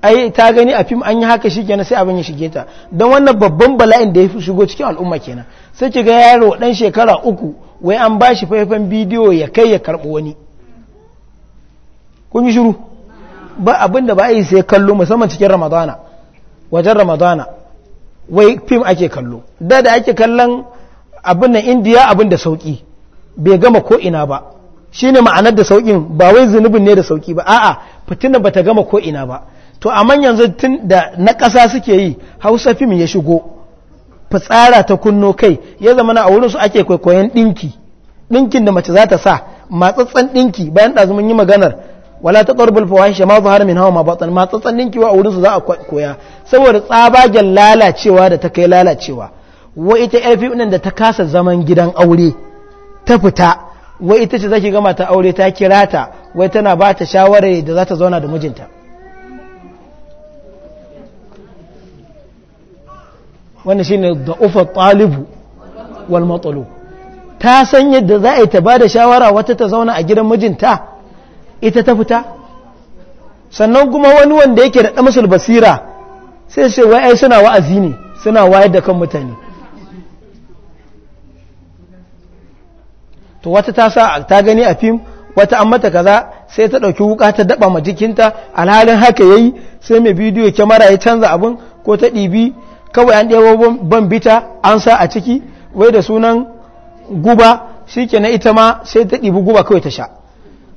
ai ta gani a fim an yi haka shikenan sai abin ya shige ta don wannan babban bala'in da ya fi shigo cikin al'umma kenan sai ki ga yaro dan shekara uku wai an ba shi faifan bidiyo ya kai ya karɓi wani kun yi shiru ba abin da ba yi sai kallo musamman cikin ramadana wajen ramadana wai fim ake kallo da da ake kallon abin nan indiya abin da sauki bai gama ko ina ba shine ma'anar da saukin ba wai zunubin ne da sauki ba a'a fitina bata gama ko ina ba to a yanzu tun da na ƙasa suke yi hausa fim ya shigo fitsara ta kunno kai ya zama na a wurinsu ake kwaikwayon ɗinki ɗinkin da mace za ta sa matsatsan ɗinki bayan ɗazu mun yi maganar wala ta ƙarbul fawahisha ma zuhar min hawa ma batsan matsatsan ɗinki wa a wurinsu za a koya saboda tsabagen lalacewa da ta kai lalacewa wa ita yar fim da ta kasa zaman gidan aure ta fita wa ita ce zaki gama ta aure ta kira ta wai tana ba ta shawarar da za ta zauna da mijinta wannan shine ufa talibu wal matalu ta san yadda za a yi ta bada shawara wata ta zauna a gidan mijinta ita ta fita sannan kuma wani wanda yake da ɗamsul basira sai sai wai ai suna wa'azi ne suna wayar da kan mutane to wata ta sa ta gani a fim wata an mata kaza sai ta ɗauki wuka ta daɓa ma jikinta alhalin haka yayi sai mai bidiyo kyamara ya canza abin ko ta ɗibi kawai an ɗewa ban bita an sa a ciki wai da sunan guba shi ke na ita ma sai ta ɗibi guba kawai ta sha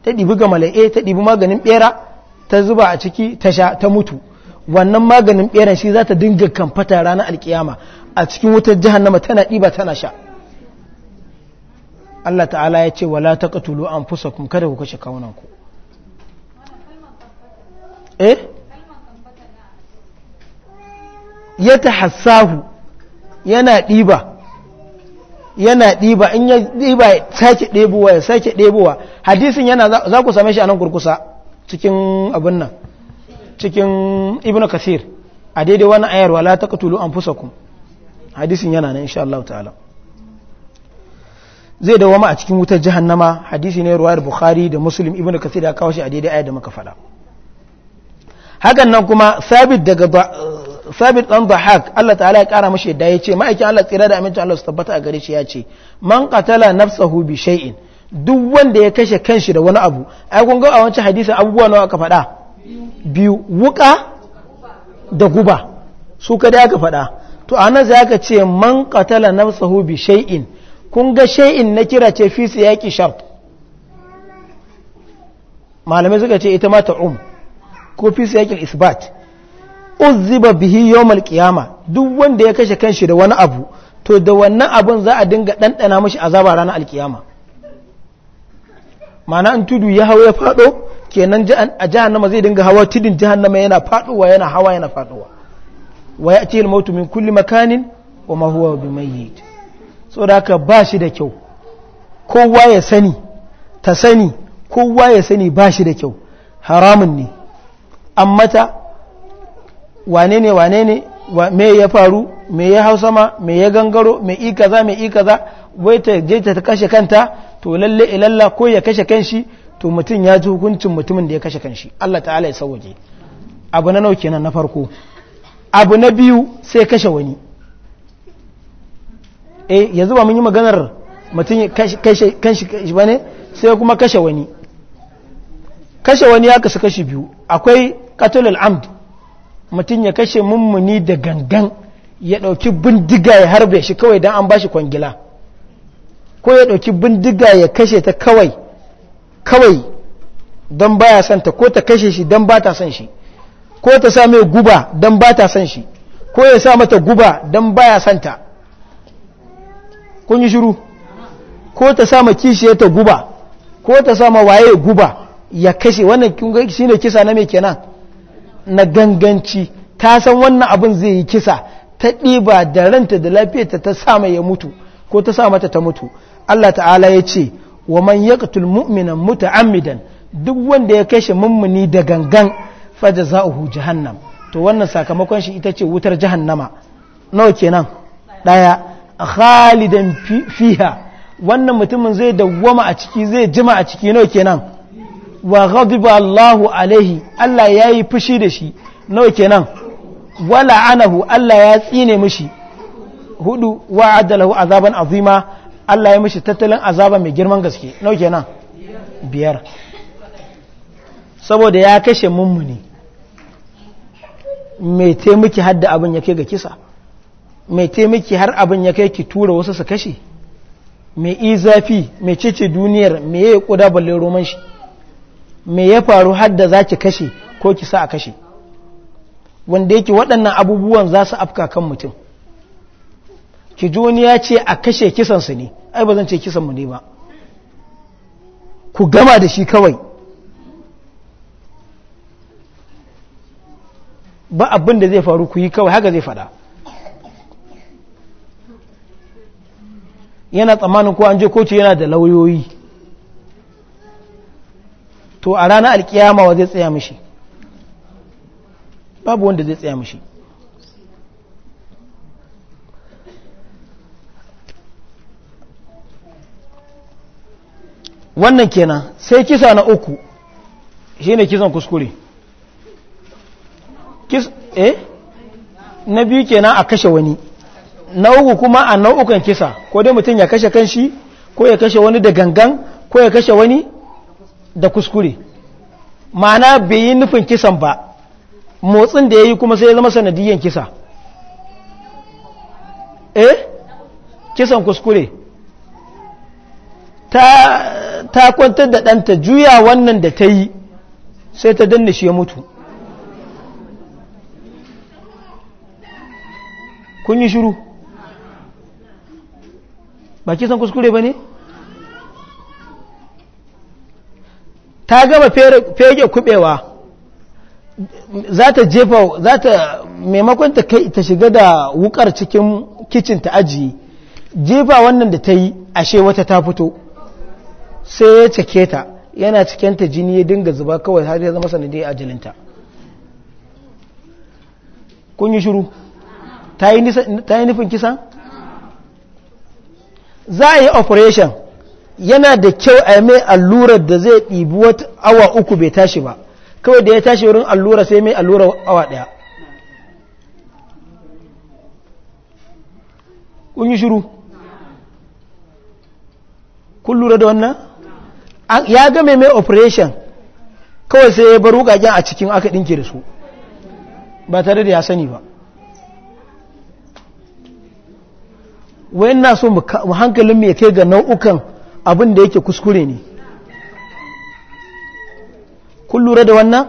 ta ɗibi ga mala'e eh, ta ɗibi maganin ɓera ta zuba a ciki ta sha ta mutu wannan maganin ɓeran shi za ta dinga kamfata ranar alkiyama a cikin wutar ma tana ɗiba tana sha Allah ta'ala ya ce wala ta katulu an fusa kuma kada ku kashe kawunanku eh ya hassahu yana ɗiba yana ɗiba in ya ɗiba ya sake ɗebowa ya sake ɗebowa hadisin yana za ku same shi a nan kurkusa cikin abin nan cikin ibn kasir a daidai wani ayar wala ta katulu an fusa kun hadisin yana nan insha Allah ta'ala zai wama a cikin wutar jahannama hadisi ne ruwayar bukhari da muslim ibn kasir ya kawo shi a daidai ayar da muka faɗa hakan nan kuma sabit daga sabit dan dhahak Allah ta'ala ya kara mashi yadda yace ma'aikin Allah tsira da amincin Allah su tabbata a gare shi yace man qatala nafsahu bi shay'in duk wanda ya kashe kanshi da wani abu ai kun ga a wancan hadisi abubuwa nawa aka faɗa biyu wuka da guba su da aka faɗa to anan za ka ce man qatala nafsahu bi shay'in kun ga shay'in na kira ce fi siyaqi shart malamai suka ce ita ma ta um ko fi siyaqi isbat uziba bihi yawmal qiyama duk wanda ya kashe kanshi da wani abu to da wannan abun za a dinga dandana mishi azaba ranar alkiyama mana an tudu ya hawo ya fado kenan a jahannama zai dinga hawa tudun jahannama yana faduwa yana hawa yana faduwa wa ya'ti al-mautu min kulli makanin wa ma huwa bimayyit haka ba shi da kyau kowa ya sani ta sani kowa ya sani bashi da kyau haramun ne amma ta wane ne wane ne me ya faru me ya hau sama me ya gangaro me ika za me ika za wai ta je ta kashe kanta to lalle ilalla ko ya kashe kanshi to mutum ya ji hukuncin mutumin da ya kashe kanshi Allah ta'ala ya sauwaje abu na nauke nan na farko abu na biyu sai kashe wani eh yanzu ba mun yi maganar mutum ya kashe kanshi ba ne sai kuma kashe wani kashe wani ya kasu kashe biyu akwai katolul amd mutum ya kashe mummuni da gangan ya ɗauki bindiga ya harbe shi kawai don an ba shi kwangila ko ya ɗauki bindiga ya kashe ta kawai kawai don baya son ta ko ta kashe shi don ba ta son shi ko ta sa mai guba don ba ta son shi ko ya sa mata guba don baya son ta kun yi shiru ko ta sa ma kishiye ta guba ko ta sa ma waye guba ya kashe wannan shi ne kisa na mai kenan na ganganci ta san wannan abin zai yi kisa ta ɗiba da ranta da lafiyarta ta sa ya mutu ko ta sa mata ta mutu Allah ta'ala ya ce wa man mu'minan mu'mina Amidan duk wanda ya kashe mummuni da gangan a jazaohu jahannam to wannan sakamakon shi ita ce wutar jahannama nawa kenan daya khalidan fiha wannan mutumin zai dawwama a ciki zai jima a ciki nawa kenan wa ghadiba Allah alaihi Allah ya yi fushi da shi nawa kenan wala anahu Allah ya tsine mishi hudu wa adalahu azaban azima Allah ya mishi tattalin azaba mai girman gaske nawa kenan biyar saboda ya kashe mummuni mai taimaki har da abin ya kai ga kisa mai taimaki har abin ya kai ki tura wasu su kashe mai izafi mai cece duniyar mai ya kuda balle roman shi me ya faru hadda za ki kashe ko ki sa a kashe wanda yake waɗannan abubuwan za su afka kan mutum ki ya ce a kashe kisansu ne ai ba zan ce kisanmu ne ba ku gama da shi kawai ba abin da zai faru ku yi kawai haka zai fada yana tsammanin ko an je kotu yana da lauyoyi to a ranar alkiyama wa zai tsaya mishi babu wanda zai tsaya mishi wannan kenan sai kisa na uku shi ne kisan kuskure eh na biyu kenan a kashe wani na uku kuma a nau'ukan kisa ko dai mutum ya kashe kanshi ko ya kashe wani da gangan ko ya kashe wani da kuskure ma'ana bai yi nufin kisan ba motsin da ya yi kuma sai ya zama sanadiyyan kisa eh kisan kuskure ta, ta kwantar da ɗanta juya wannan da ta yi sai ta danna shi ya mutu kun yi shiru ba kisan kuskure ba ne? ta gama fege kubewa za ta jefa za ta maimakon ta kai ta shiga da wukar cikin kicin ta ajiye jefa wannan da ta yi ashe wata ta fito sai ya cike ta yana cikinta jini ya dinga zuba kawai har ya zama sanadiyar ajalinta kun yi shiru ta yi nufin kisan za a yi operation yana da kyau a mai allurar da zai ɗibi wata awa uku bai tashi ba kawai da ya tashi wurin allura sai mai allura awa ɗaya kun yi shuru kun lura da wannan ya game mai operation kawai sai ya bar gajen a cikin aka ɗinke da su ba tare da ya sani ba wayan na so mu hankalin mai kai ga nau'ukan abin da yake kuskure ne kun lura da wannan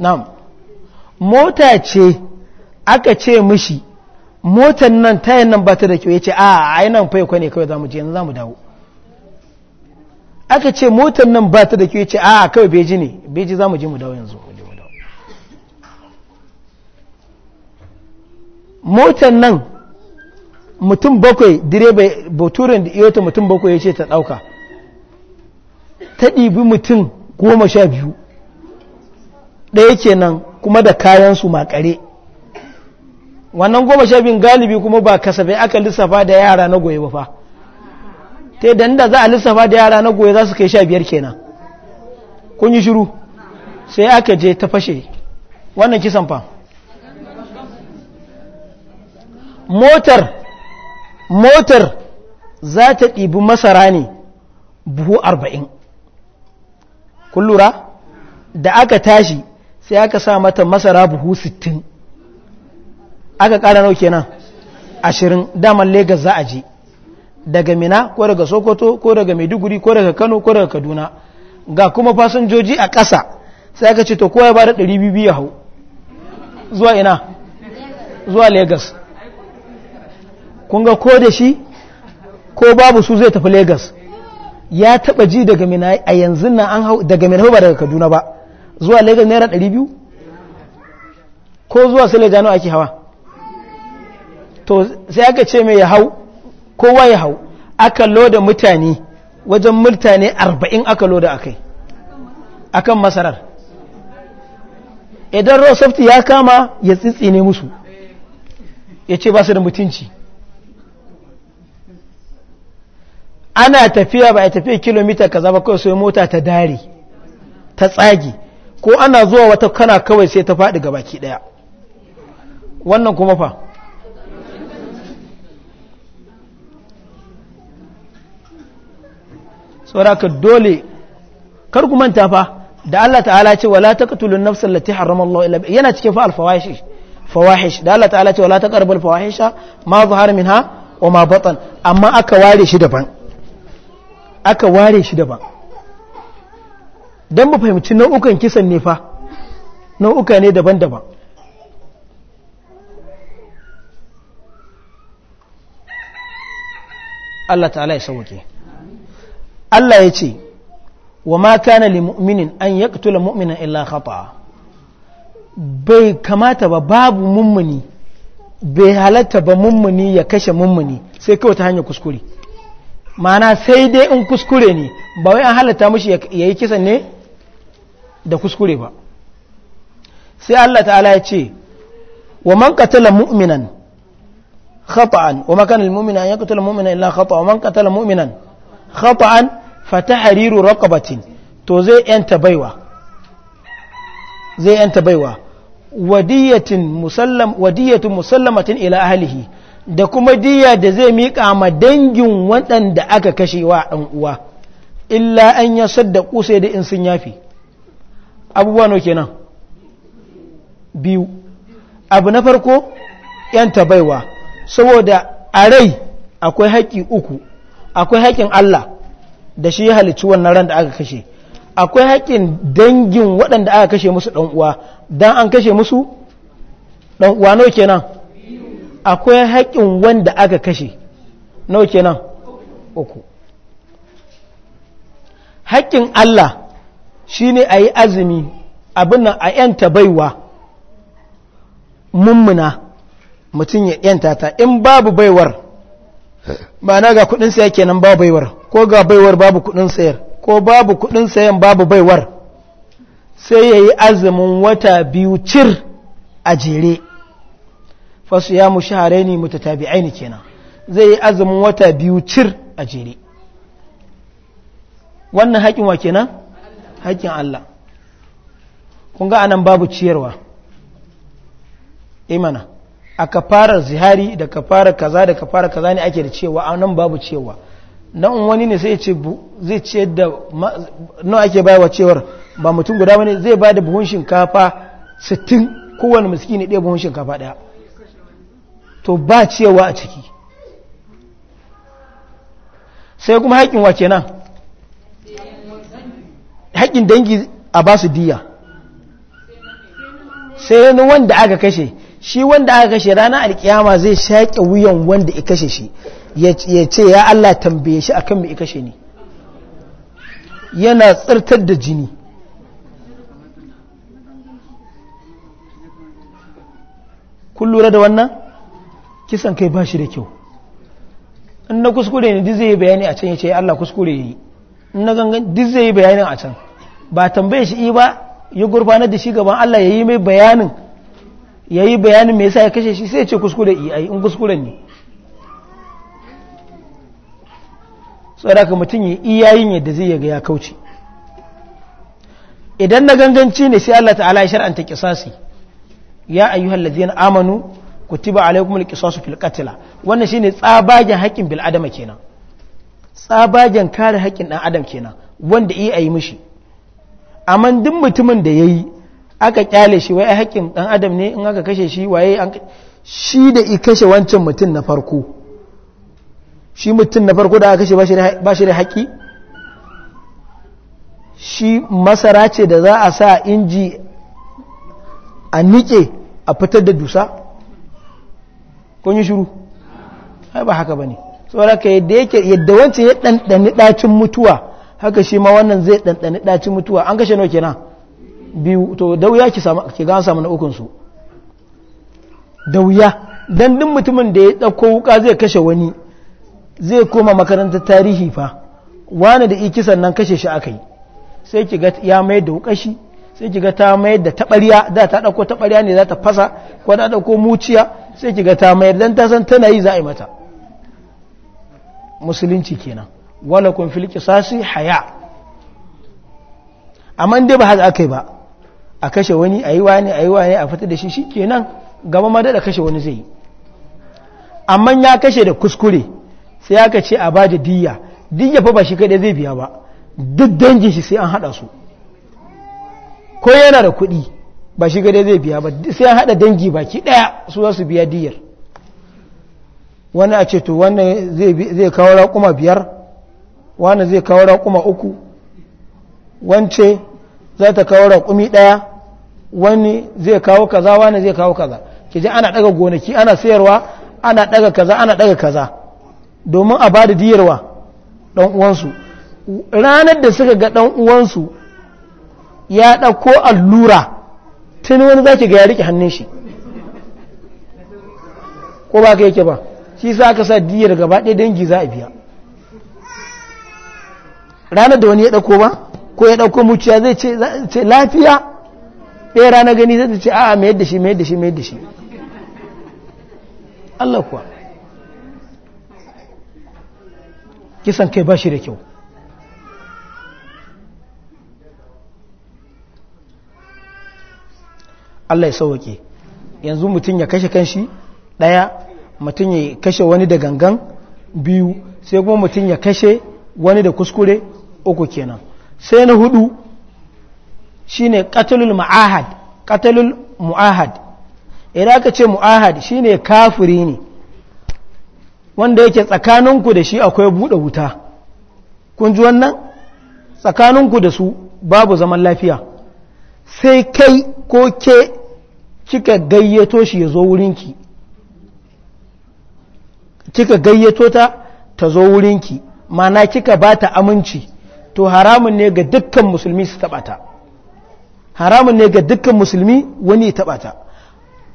na'am mota ce aka ce mishi motan nan tayan nan ba ta da kyau ya ce a ainihin faikwa ne kawai za mu je yanzu za mu dawo aka ce motan nan ba ta da kyau ya ce a kawai beji ne beji za mu je mu dawo yanzu motan nan mutum bakwai direba boturin da iyota mutum bakwai ya ce ta ɗauka ta ɗibi mutum goma sha biyu ɗaya kenan kuma da kayansu makare wannan goma sha biyun galibi kuma ba kasafai aka lissafa da yara na goye ba fa ta yi da za a lissafa da yara na goye za su kai sha biyar kenan kun yi shiru sai aka je ta fashe wannan kisan fa motar motar za ta ɗibi masara ne buhu arba'in kun da aka tashi sai aka sa mata masara buhu sittin aka ƙara nauke nan ashirin daman legas za a je daga mina ko daga sokoto ko daga maiduguri ko daga kano ko daga kaduna ga kuma fasinjoji a ƙasa sai aka ce to kowa ya ba da 200 ya hau zuwa ina zuwa legas kun ga ko da shi ko babu su zai tafi Legas ya taba ji daga mina a yanzu nan an hau daga mina ba daga Kaduna ba zuwa Legas naira 200 ko zuwa Silejano ake hawa to sai aka ce mai ya hau kowa ya hau aka loda mutane wajen mutane 40 aka loda akai akan masarar idan rosoft ya kama ya tsitsine musu ya ce ba su da mutunci ana tafiya ba a tafiya kilomita kaza ba kawai sai mota ta dare ta tsagi ko ana zuwa wata kana kawai sai ta faɗi gaba baki ɗaya wannan kuma fa sauraka dole kar ku manta fa da Allah ta'ala ce wala taqtulun nafsal lati harrama illa yana cikin fa al fawahish da Allah ta'ala ce wala taqrabul fawahisha ma zahara minha wa ma batan amma aka ware shi daban aka ware shi daban don mu fahimci nau'ukan kisan ne fa nau'uka ne daban-daban Allah ta'ala ya sauke Allah ya ce wa ma kana li mu'minin an yaqtula mu'minan illa khata'a bai kamata ba babu mummuni bai halatta ba mummuni ya kashe mummuni sai kawai ta hanyar kuskure mana sai dai in kuskure ne ba wai an halatta mushi ya yi kisan ne da kuskure ba sai Allah ta'ala ya ce wa man katala mu'minan khata'an wa ma kana al-mu'mina an yaqtala mu'mina illa khata'a wa man qatala mu'minan khata'an fa tahriru raqabatin to zai yanta baiwa zai yanta baiwa wadiyatin musallam wadiyatun musallamatin ila ahlihi da kuma diya da zai miƙa ma dangin waɗanda aka kashe wa ɗan uwa illa an ya sadda ƙusa da in sun yafi abubuwa no kenan biyu abu na farko ‘yan baiwa. saboda a rai akwai haƙi uku akwai haƙin Allah da shi ya halicci wannan ran da aka kashe akwai haƙƙin dangin waɗanda aka kashe musu uwa, don an kashe musu ɗan'uwa no kenan akwai haƙƙin wanda aka kashe nawa nan? uku haƙƙin Allah shi ne a yi azumi abinnan a ‘yanta baiwa mummuna mutum ya ‘yanta ta in babu baiwar ba na ga kudin saya kenan babu baiwar ko ga baiwar babu kudin sayar ko babu kudin sayan babu baiwar sai ya yi azumin wata biyu cir a jere fasu ya mu shahare ne mutatabi'ai ne kenan zai yi azumin wata biyu cir a jere wannan haƙin wa kenan haƙin Allah kun ga anan babu ciyarwa imana eh a kafarar zihari da kafarar kaza da kafarar kaza ne ake da cewa a nan babu cewa nan wani ne sai ce zai ce da nan ake bayawa cewar ba mutum guda bane zai ba da buhun shinkafa 60 kowane miskini ɗaya buhun shinkafa ɗaya to ba cewa a ciki sai kuma haƙƙin wa kenan haƙƙin dangi a ba su diya sai yanu wanda aka kashe shi wanda aka kashe rana alkiyama zai shaƙe wuyan wanda ya kashe shi ya ce ya Allah tambaye shi akan mai kashe ne yana tsirtar da jini kun lura da wannan kisan kai ba shi da kyau in na kuskure ne duk zai yi bayani a can ya ce Allah kuskure yi in na gangan duk zai yi bayanin a can ba tambaye shi ba ya gurbanar da shi gaban Allah ya yi mai bayanin ya yi bayanin mai yasa ya kashe shi sai ya ce kuskure iya yi in kuskure ne tsara ka mutum ya iya yin yadda zai ga ya kauce idan na ganganci ne sai Allah ta'ala ya shar'anta kisasi ya ayyuhal ladzina amanu kutiba alaikum alqisasu fil qatl wannan shine tsabagen haƙin bil adama kenan tsabagen kare haƙin dan adam kenan wanda iya ayi mishi amma duk mutumin da yayi aka kyale shi wai haƙin dan adam ne in aka kashe shi waye an shi da i kashe wancan mutum na farko shi mutum na farko da aka kashe ba shi da haƙi shi masara ce da za a sa inji a nike a fitar da dusa kun yi shiru ai ba haka bane saboda ka yadda yake yadda wancan ya ɗanɗani ɗacin mutuwa haka shi ma wannan zai ɗanɗani ɗacin mutuwa an kashe nawa kenan biyu to dauya ki samu ki ga samu na ukun su dauya dan duk mutumin da ya ɗauko wuka zai kashe wani zai koma makarantar tarihi fa wani da iki sannan kashe shi akai sai ki ga ya mai da wukashi sai ki ga ta mai da tabariya da ta dauko tabariya ne za ta fasa ko ta dauko muciya sai ki ga ta mayar dan ta san tana yi za a yi mata musulunci kenan wala kun filki sasi haya amma dai ba haka akai ba a kashe wani ayi wani ayi wani a fita da shi shi kenan gaba ma da kashe wani zai amma ya kashe da kuskure sai aka ce a bada diyya diyya fa ba shi kai zai biya ba duk dangin shi sai an hada su ko yana da kuɗi ba shi gade zai biya ba sai an haɗa dangi baki ɗaya su za su biya diyar wani a ce to wannan zai kawo raƙuma biyar wani zai kawo raƙuma uku wance za ta kawo raƙumi ɗaya wani zai kawo kaza wani zai kawo kaza ke ji ana ɗaga gonaki ana sayarwa ana ɗaga kaza ana ɗaga kaza domin a ba da diyarwa ɗan uwansu ranar da suka ga ɗan uwansu ya ɗauko allura sai ni wani zaki ga ya rike hannun shi ko ba ka yake ba shi sa aka sa diyar gaba ɗaya dangi za a biya ranar da wani ya ɗauko ba ko ya ɗauko muciya zai ce lafiya ɗaya rana gani zai ce a mai yadda shi mai yadda shi mai yadda shi Allah kuwa kisan kai ba shi da kyau Allah ya sauwake yanzu mutum ya kashe kan shi ɗaya mutum ya kashe wani da gangan biyu sai kuma mutum ya kashe wani da kuskure uku kenan sai na hudu shine qatlul mu'ahad qatlul mu'ahad idan aka ce mu'ahad shine kafiri ne wanda yake tsakaninku da shi akwai buɗe wuta kun ji wannan tsakaninku da su babu zaman lafiya sai kai ko ke kika gayyato shi ya zo wurinki kika gayyato ta ta zo wurinki mana kika ba ta aminci to haramun ne ga dukkan musulmi su taɓa ta haramun ne ga dukkan musulmi wani ya taɓa ta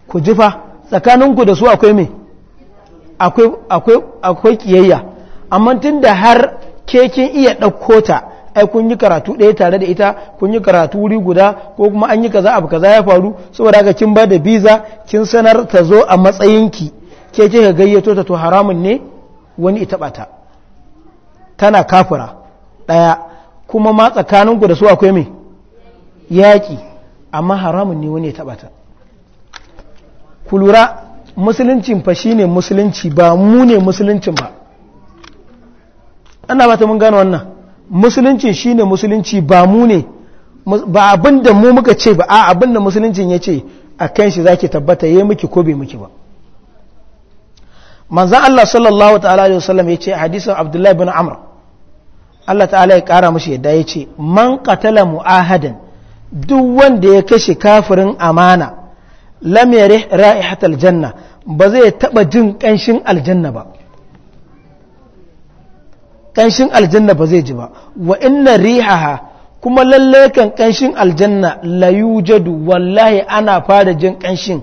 ku jifa tsakaninku da su akwai mai akwai kiyayya amma tun da har kekin iya ɗaukota. ta ai kun yi karatu ɗaya tare da ita kun yi karatu wuri guda ko kuma an yi kaza abu kaza ya faru saboda ga kin ba da biza kin sanar ta zo a matsayinki ke ce ka gayyato ta to haramun ne wani ita bata tana kafira ɗaya kuma ma tsakaninku da su akwai mai yaƙi amma haramun ne wani ya taɓa ta ku lura musuluncin fa shi musulunci ba mu ne musuluncin ba ana ba ta mun gane wannan musulunci shine musulunci ba mu ne ba abin da mu muka ce ba a abin da musuluncin ya ce a kan shi za ki tabbata ya miki ko bai miki ba manzan Allah sallallahu ta'ala alaihi wasallam ya ce a hadisin Abdullahi bin amur Allah ta'ala ya kara mashi yadda ya ce man qatala mu'ahadan duk wanda ya kashe kafirin amana lamere ra'ihatal janna ba zai taba jin kanshin aljanna ba kanshin aljanna ba zai ji ba wa inna rihaha kuma lallai kan kanshin aljanna layu jadu wallahi ana fara jin kanshin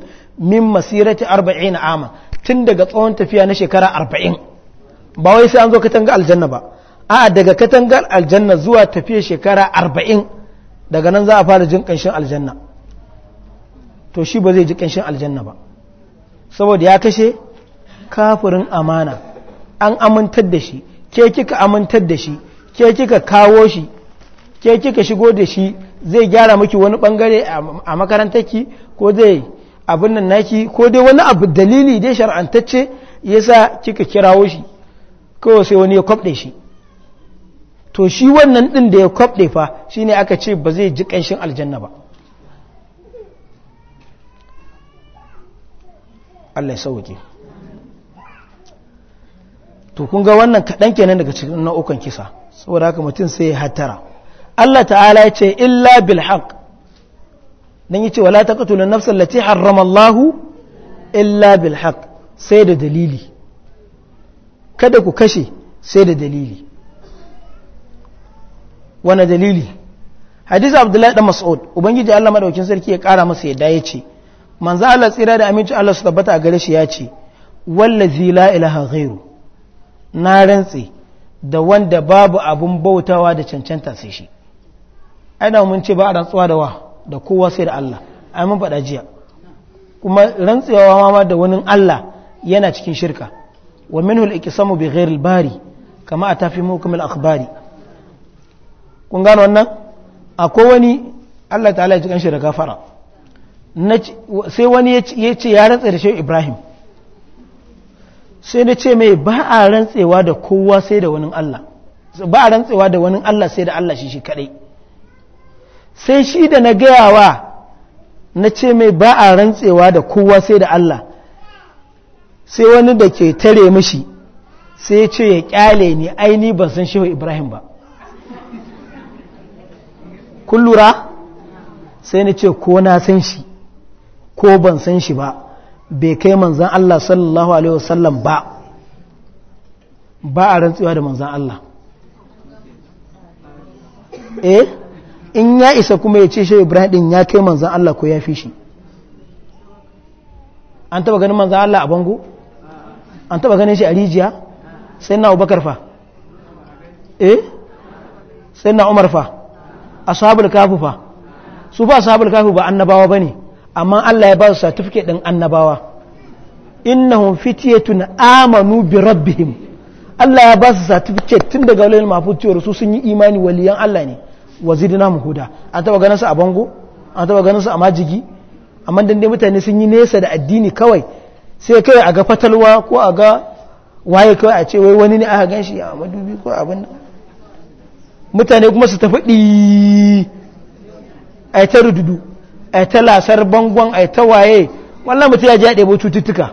min masirati 40 ama tun daga tsawon tafiya na shekara arba'in. ba wai sai an zo katanga aljanna ba a daga katangar aljanna zuwa tafiya shekara arba'in daga nan za a fara jin kanshin aljanna to shi ba zai ji kanshin aljanna ba saboda ya kashe kafirin amana an amintar da shi ke kika amintar da shi ke kika kawo shi ke kika shigo da shi zai gyara miki wani bangare a makarantarki ko zai abin nan naki ko dai wani abu dalili dai shar'antacce yasa kika kirawo shi kawai sai wani ya kwabde shi to shi wannan ɗin da ya kwabde fa shine aka ce ba zai ji kanshin aljanna ba Allah ya to kun ga wannan kaɗan kenan daga cikin nau'ukan kisa saboda haka mutum sai ya hatara Allah ta'ala ya ce illa bil haq dan yace wala an-nafs allati harrama Allah illa bil haq sai da dalili kada ku kashe sai da dalili wani dalili hadisi abdullahi dan mas'ud ubangiji Allah madaukin sarki ya kara masa yadda ya ce manzo Allah tsira da aminci Allah su tabbata a gare shi ya ce wallazi la ilaha ghairu na rantse da wanda babu abun bautawa da cancanta sai shi ana mun ce ba a rantsuwa da wa da kowa sai da Allah ai mun faɗa jiya kuma rantsewa ma da wani Allah yana cikin shirka wa minhu al-iqsamu bi ghairi al-bari kama a tafi hukumul akhbari kun gano wannan akwai wani Allah ta'ala ya ji kanshi da gafara sai wani ya ce ya rantse da shehu Ibrahim sai na ce mai ba a rantsewa da kowa sai da wani Allah ba a rantsewa da wani Allah sai da Allah shi shi kadai sai shi da na gayawa na ce mai ba a rantsewa da kowa sai da Allah sai wani da ke tare mishi sai ya ce ya kyale ni aini ban san shehu ibrahim ba kun sai na ce ko na san shi ko ban san shi ba bai kai manzan Allah sallallahu alaihi wasallam ba ba a rantsuwa da manzan Allah eh in ya isa kuma ya ce shi Ibrahim din ya kai manzan Allah ko ya fi shi an taba ganin manzan Allah a bango an taba ganin shi a rijiya sai na Abubakar fa eh sai na Umar fa ashabul kafu fa su ba ashabul kafu ba annabawa ne. amma Allah ya ba su satifike din annabawa innahum fityatun amanu bi rabbihim Allah ya ba su satifike tun daga wani mafi su sun yi imani waliyan Allah ne wa namu huda an taba ganin su a bango an taba ganin su a majigi amma dan dai mutane sun yi nesa da addini kawai sai kai a ga fatalwa ko a ga waye kawai a ce wai wani ne aka ganshi a madubi ko abin mutane kuma su tafi ɗi a ta rududu a ta lasar bangon a ta waye wallah mutum ya ji ya ɗebo cututtuka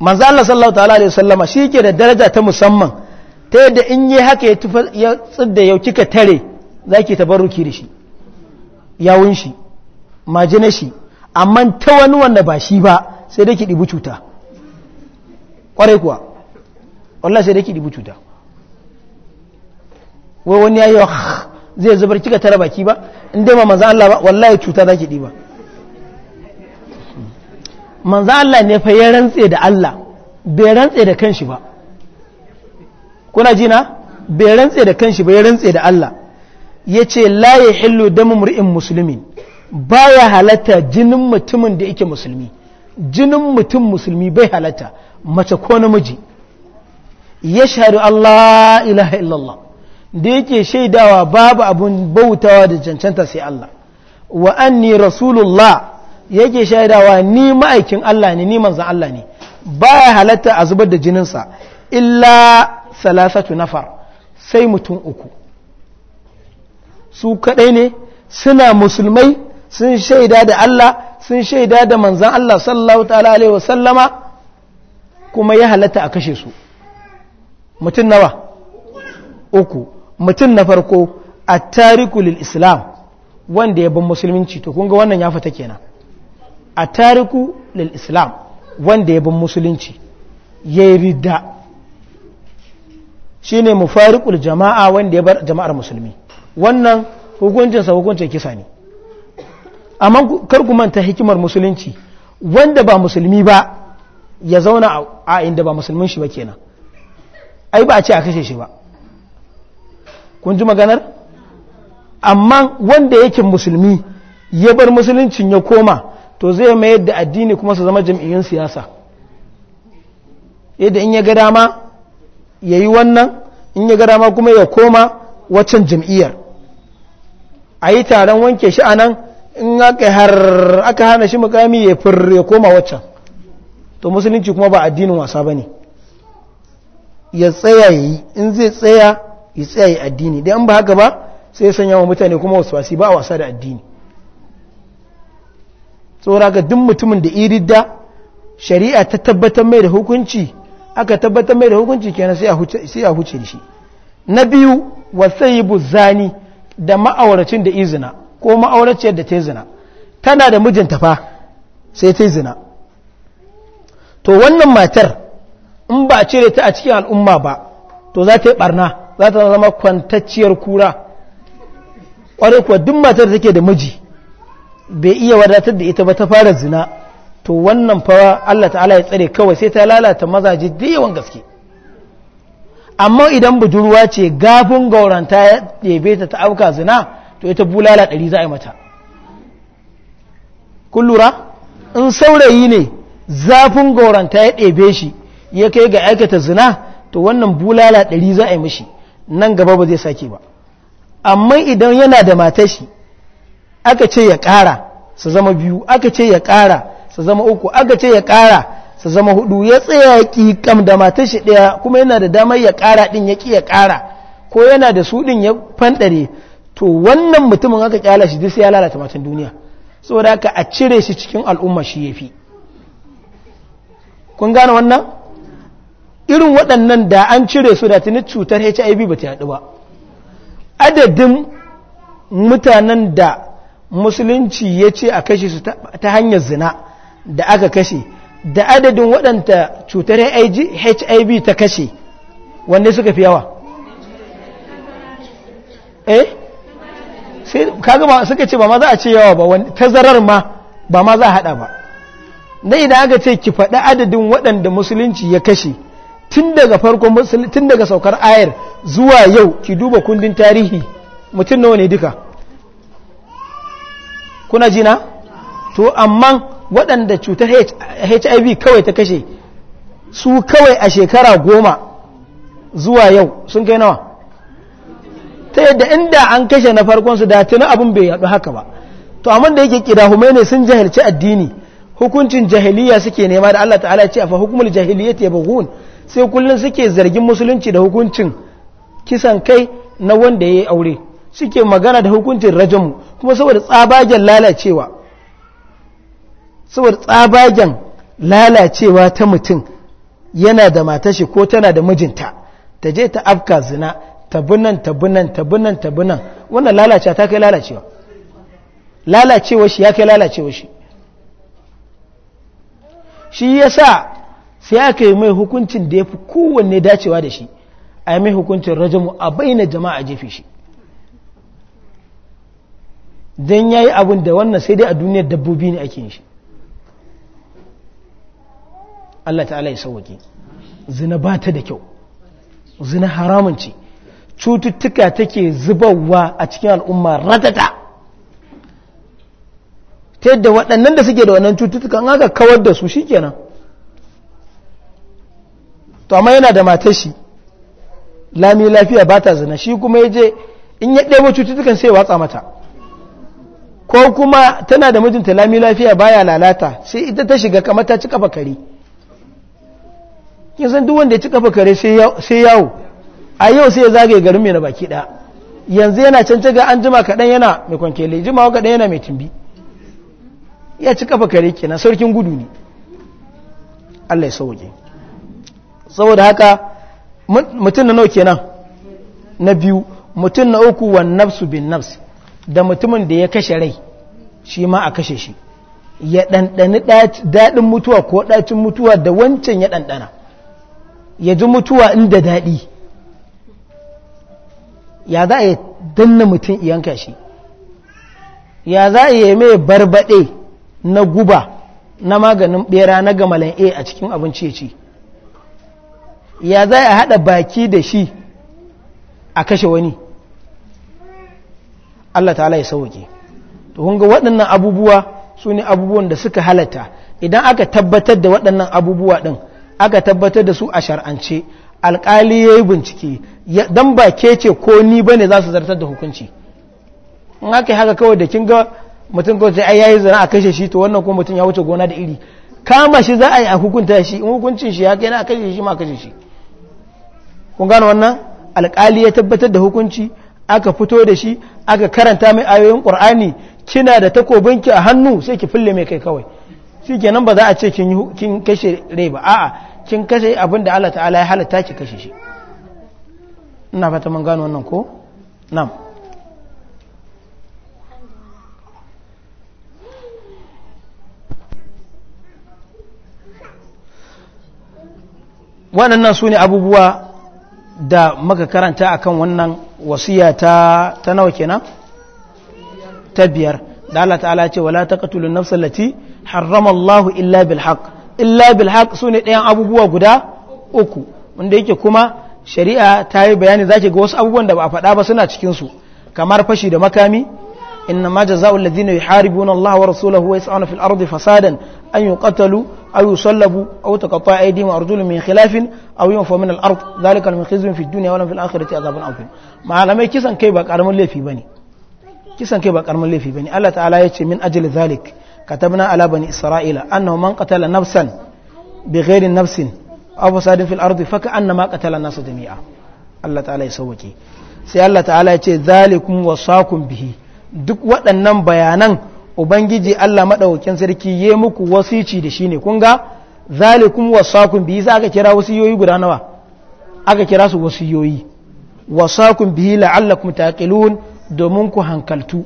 manzo Allah sallallahu ta'ala alaihi wasallama shi ke da daraja ta musamman ta yadda in yi haka ya tufa ya tsidda yau kika tare zaki tabarruki da shi yawun shi majina shi amma ta wani wanda ba shi ba sai dai ki ɗibi cuta ƙwarai kuwa wallah sai dai ki ɗibi cuta wai wani ya yi zai zubar kika tara baki ba in dai ma manzo Allah ba wallahi cuta zaki diba manzo Allah ne fa ya rantse da Allah bai rantse da kanshi ba kuna jina bai rantse da kanshi ba ya rantse da Allah yace la hillu damu mur'in muslimin baya halatta jinin mutumin da yake musulmi jinin mutum musulmi bai halatta mace ko namiji yashhadu Allah ilaha illallah da yake shaidawa babu abun bautawa da cancanta sai Allah wa anni rasulullah yake shaidawa ni ma'aikin Allah ne ni manzan Allah ne baya halatta a zubar da jininsa illa salasatu nafar sai mutum uku su kadai ne suna musulmai sun shaida da Allah sun shaida da manzan Allah sallallahu ta'ala alaihi wasallama kuma ya halatta a kashe su mutum nawa uku mutum na farko a tarikulil islam wanda ya bin musulunci to kunga wannan ya fita kenan a tariku lil islam wanda ya bin musulunci ya yi ridda shi ne mufarikul jama'a wanda ya bar jama'ar musulmi wannan hukuncinsa hukuncin kisa ne amma ku manta hikimar musulunci wanda ba musulmi ba ya zauna a inda ba musulmin shi ba kenan ai ba a ce a kashe shi ba kun ji maganar amma wanda yake musulmi ya bar musuluncin ya koma to zai mayar da addini kuma su zama jam'iyyun siyasa yadda in ya ga dama ya yi wannan in ya ga dama kuma ya koma waccan jam'iyyar a yi taron wanke shi a nan in aka hana shi mukami ya ya koma waccan to musulunci kuma ba addinin wasa ba ne ya tsaya yi in zai tsaya ya tsaye addini da an ba haka ba sai ya sanya wa mutane kuma wasu wasi ba a wasa da addini tsora ga duk mutumin da iridda shari'a ta tabbatar mai da hukunci aka tabbatar mai da hukunci kenan sai ya huce da shi na biyu wasayibu zani da ma'auracin da izina ko ma'auraciyar da ta zina tana da mijinta fa sai ta zina to wannan matar in ba a cire ta a cikin al'umma ba to za ta yi barna za ta zama kwantacciyar kura ƙwarar kuwa duk matar take da miji bai iya wadatar da ita ba ta fara zina to wannan fa Allah ta'ala ya tsare kawai sai ta lalata mazaje da yawan gaske amma idan budurwa ce gafin gauranta ya ɗebe ta ta auka zina to ita bulala ɗari za a yi mata kun lura in saurayi ne zafin gauranta ya ɗebe shi ya kai ga aikata zina to wannan bulala ɗari za a yi mashi nan gaba ba zai sake ba amma idan yana da matashi aka ce ya ƙara su zama biyu aka ce ya ƙara su zama uku aka ce ya ƙara su zama hudu ya tsaya ki kam da matashi ɗaya kuma yana da damar ya ƙara ɗin ya ƙi ya ƙara ko yana da su ɗin ya fanɗare to wannan mutumin aka ƙyala shi sai ya lalata matan duniya saboda haka a cire shi cikin al'umma shi ya fi kun gane wannan irin waɗannan da an cire su da tuni cutar hiv ba ta yaɗu ba adadin mutanen da musulunci ya ce a kashe su ta hanyar zina da aka kashe da adadin waɗanta cutar hiv ta kashe wanda suka fi yawa eh sai kaga ba suka ce ba ma za a ce yawa ba tazarar ma ba ma za a haɗa ba na idan aka ce ki faɗi adadin waɗanda musulunci ya kashe tun daga farkon tun daga saukar ayar zuwa yau ki duba kundin tarihi mutum nawa ne duka kuna jina to amma waɗanda cutar hiv kawai ta kashe su kawai a shekara goma zuwa yau sun kai nawa ta yadda inda an kashe na farkon su da tuni abin bai yadu haka ba to amma da yake hume ne sun jahilci addini hukuncin jahiliya suke nema da Allah ta'ala ce a fa hukumul jahiliyyati bugun. sai kullum suke zargin musulunci da hukuncin kisan kai na wanda ya yi aure suke magana da hukuncin rajamu kuma saboda tsabagen lalacewa saboda tsabagen lalacewa ta mutum yana da matashi ko tana da mijinta ta je ta afka zina tabunan tabunan tabunan tabunan wannan lalacewa ta kai lalacewa lalacewa shi ya kai lalacewa shi shi ya sa sai aka yi mai hukuncin da ya fi kowanne dacewa da shi a yi mai hukuncin rajamu a bayyana jama'a jefe shi don ya yi abin da wannan sai dai a duniyar dabbobi ne ake yin shi Allah ta'ala ya sauwake zina ba ta da kyau zina haramun ce cututtuka take zubarwa a cikin al'umma ratata ta yadda waɗannan da suke da wannan cututtuka an haka kawar da su shi kenan to amma yana da matar shi lami lafiya ba ta zina shi kuma ya je in ya ɗebo cututtukan sai watsa mata ko kuma tana da mijinta lami lafiya baya lalata sai ita ta shiga kamar ta ci kafa kare kin san duk wanda ya ci kafa kare sai yawo a yau sai ya zagaye garin mai na baki ɗaya yanzu yana can ga an jima kaɗan yana mai kwankele jimawa kaɗan yana mai tumbi ya ci kafa kare kenan sarkin gudu ne Allah ya sauke saboda haka mutum na nauke nan na biyu mutum na uku wa nafsu bin nafs da mutumin da ya kashe rai shi ma a kashe shi ya ɗanɗani daɗin mutuwa ko ɗacin mutuwa da wancan ya ɗanɗana ya ji mutuwa inda daɗi ya za a yi danna mutum iyanka shi ya za a yi mai barbaɗe na guba na maganin ɓera na gamalan a a cikin abinci ya ce. ya za a haɗa baki da shi a kashe wani Allah ta'ala ya sauke to hunga waɗannan abubuwa su ne abubuwan da suka halatta idan aka tabbatar da waɗannan abubuwa ɗin aka tabbatar da su a shar'ance alƙali ya yi bincike don ba ke ce ko ni ba ne za su zartar da hukunci in aka yi haka kawai da kin ga mutum kawai sai ya yi zana a kashe shi to wannan kuma mutum ya wuce gona da iri kama shi za a yi a hukunta shi in hukuncin shi ya kai na a kashe shi ma kashe shi kun gano wannan alƙali ya tabbatar da hukunci aka fito da shi aka karanta mai ayoyin ƙur'ani kina da takobinki a hannu sai ki fille mai kai kawai shi kenan ba za a ce kin kashe rai ba a'a kin kashe abin da Allah ta'ala ya halatta ki kashe shi ina fata mun gano wannan ko nam waɗannan su ne abubuwa da maka karanta akan wannan wasiya ta ta nawa kenan ta biyar da Allah ta'ala ce wala taqtulu an-nafsa allati harrama illa bil haqq illa bil haqq sune ɗayan abubuwa guda uku wanda yake kuma shari'a ta yi bayani zaki ga wasu abubuwan da ba a faɗa ba suna cikin su kamar fashi da makami inna ma jazaa'u alladhina yuharibuna Allah wa rasulahu wa yas'una fil ardi fasadan an yuqatalu أو يصلبوا أو تقطع أيديهم وأرجلهم من خلاف أو ينفوا من الأرض ذلك a خزي في الدنيا ولم في الآخرة عذاب عظيم malamai kisan kai ba karamin laifi bane kisan kai ba karamin laifi bane Allah ta'ala ya ce min ajli zalik katabna ala bani isra'ila annahu man qatala nafsan bighairi nafsin aw fasadin fil ardi fa ka'annama qatala an jami'a Allah ta'ala ya sauke sai Allah ta'ala ya ce zalikum wasaqum bihi duk waɗannan bayanan ubangiji Allah maɗaukin sarki ya muku wasici da shi ne kun ga zalikum wasakun bihi aka kira wasiyoyi guda nawa aka kira su wasiyoyi wasakun bihi kuma taƙilun domin ku hankaltu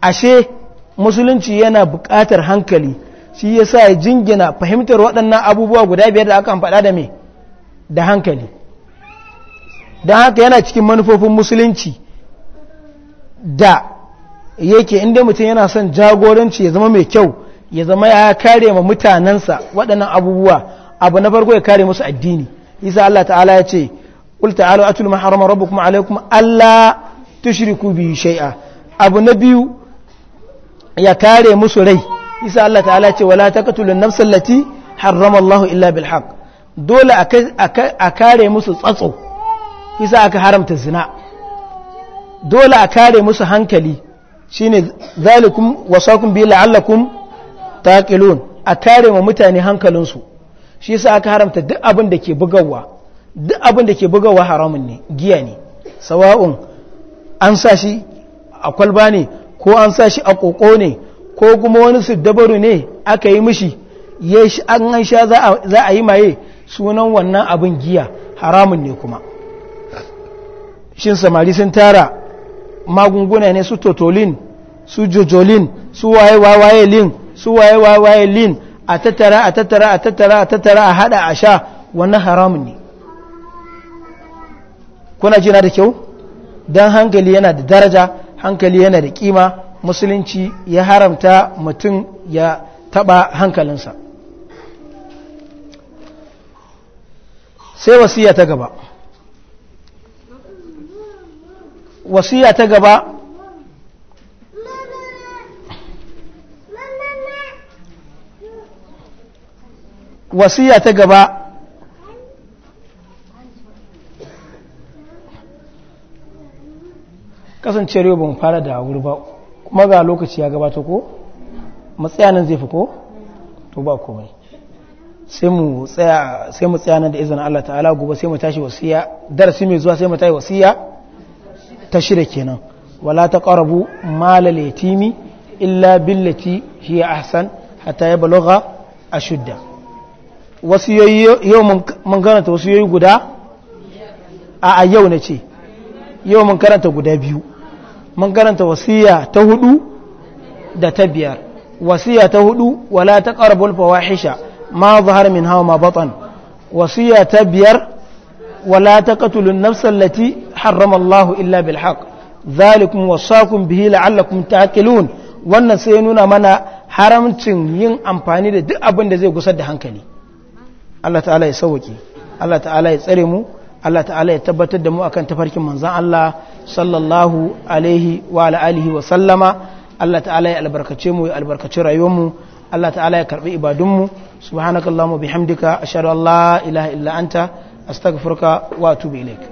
ashe musulunci yana buƙatar hankali shi yasa ya jingina fahimtar waɗannan abubuwa guda biyar da aka faɗa da me da hankali don haka yana cikin manufofin musulunci da yake inda mutum yana son jagoranci ya zama mai kyau ya zama ya kare ma mutanensa waɗannan abubuwa abu na farko ya kare musu addini isa Allah ta'ala ya ce qul ta'alu atul ma harama rabbukum alaykum alla tushriku bi shay'a abu na biyu ya kare musu rai isa Allah ta'ala ce wala taqtulun nafsal sallati harrama Allah illa bil haqq dole a kare musu tsatso isa aka haramta zina dole a kare musu hankali shine zalikum wasakum bi la'allakum taqilun a tare ma mutane hankalinsu shi yasa aka haramta duk abin da ke bugawa duk abin da ke bugawa haramun ne giya ne sawa'un an sa shi a kwalba ne ko an sa shi a koko ne ko kuma wani su dabaru ne aka yi mishi Ya an an sha za a yi maye sunan wannan abin giya haramun ne kuma shin samari sun tara magunguna ne su totolin su jojolin su waye waye lin su waye waye lin a tattara a tattara a tattara a tattara a hada a sha wannan haramun ne kuna jina da kyau don hankali yana da daraja hankali yana da kima musulunci ya haramta mutum ya taba hankalinsa sai wasiya ta gaba wasiya ta gaba wasiya ta gaba kasance yau ban fara da wuri ba kuma ga lokaci ya gabata ko matsayanin zai fi ko to ba komai sai mu tsaya nan da izinin Allah ta'ala gobe sai mu tashi wasiya darasi mai zuwa sai mu tashi wasiya ta shida kenan wala ta ƙarabu malal yatimi illa billati ya ahsan hatta ya a shudda. wasu yau mun karanta wasu yau guda a a yau na ce yau mun karanta guda biyu mun karanta wasiya ta hudu da ta biyar wasiya ta hudu wala ta ƙarbul fawahisha ma zahar min hawa ma batan wasiya ta biyar wala ta katulun nafsan lati haramallahu illa bil haq zalikum wasakum bihi la'allakum ta'qilun wannan sai nuna mana haramcin yin amfani da duk abin da zai gusar da hankali Allah ta'ala ya sauke Allah ta'ala ya tsare mu Allah ta'ala ya tabbatar da mu akan tafarkin manzan Allah sallallahu alaihi wa alihi wa sallama Allah ta'ala ya albarkace mu ya albarkaci rayuwar mu Allah ta'ala ya karbi ibadun mu subhanakallahumma bihamdika ashhadu an la ilaha illa anta astaghfiruka wa atubu ilaik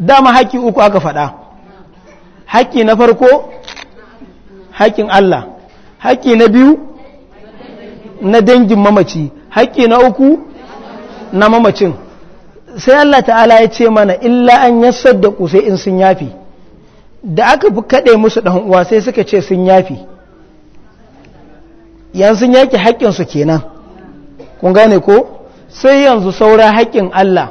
dama haƙƙi uku aka faɗa haƙƙi na farko haƙƙin Allah haƙƙi na biyu na dangin mamaci hakki na uku na mamacin sai Allah ta'ala ya ce mana illa an yassar da sai in sun yafi da aka fi kaɗe musu ɗan uwa sai suka ce sun yafi yan sun yaki haƙƙinsu kenan kun gane ko sai yanzu saura haƙƙin Allah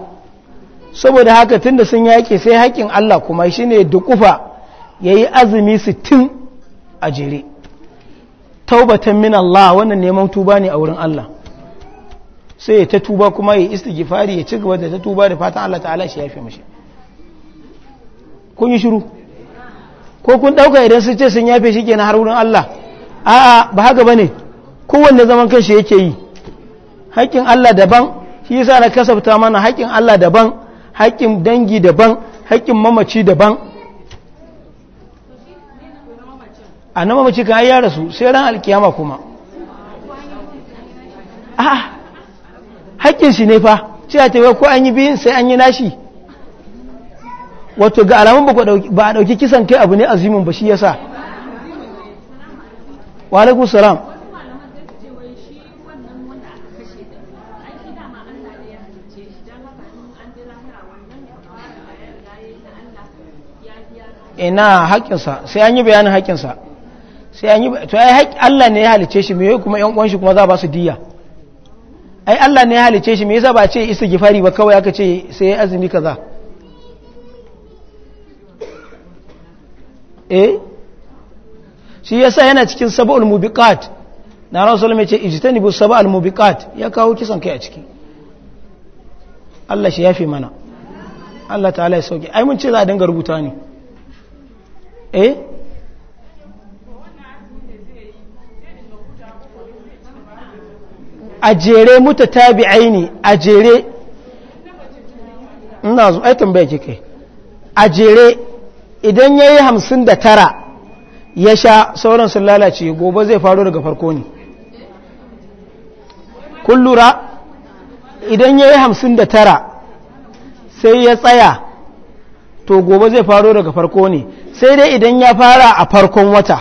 saboda haka tun da sun yaƙi sai haƙƙin Allah kuma shi ne dukufa ya yi azumi su tun a jere taubatan min Allah wannan neman tuba ne a wurin Allah sai ta tuba kuma ya istighfari ya ci gaba da ta tuba da fatan Allah ta'ala shi yafe mashi kun yi shiru ko kun dauka idan sun ce sun yafe shi kenan har wurin Allah a'a ba haka bane kowanne zaman kanshi yake yi haƙin Allah daban shi yasa na kasafta mana haƙin Allah daban haƙin dangi daban haƙin mamaci daban a na mamaci kan ya su sai ran alkiyama kuma a'a haƙƙin ne fa sai a taimako ko an yi biyin sai an yi nashi wato ga alamun ba a ɗauki kisan kai abu ne azimin ba shi ya sa wa salam ina haƙƙinsa sai an yi bayanin haƙƙinsa sai an yi to ai Allah ne ya halice shi me kuma ƴan uwan shi kuma za ba su diya ai Allah ne ya halice shi me yasa ba ce istighfari ba kawai aka ce sai azumi kaza eh shi yasa yana cikin sab'ul mubiqat na rasul mai ce bi sab'ul mubiqat ya kawo kisan kai a ciki Allah shi yafi mana Allah ta'ala ya sauke ai mun ce za a dinga rubuta ne eh a jere muta tabi aini a jere ina zo ai tambaye ke kai a jere idan yayi 59 hamsin da tara ya sha sauran sun lalace gobe zai faro daga farko ne Kullura idan yayi 59 hamsin da tara sai ya tsaya to gobe zai faro daga farko ne sai dai idan ya fara a farkon wata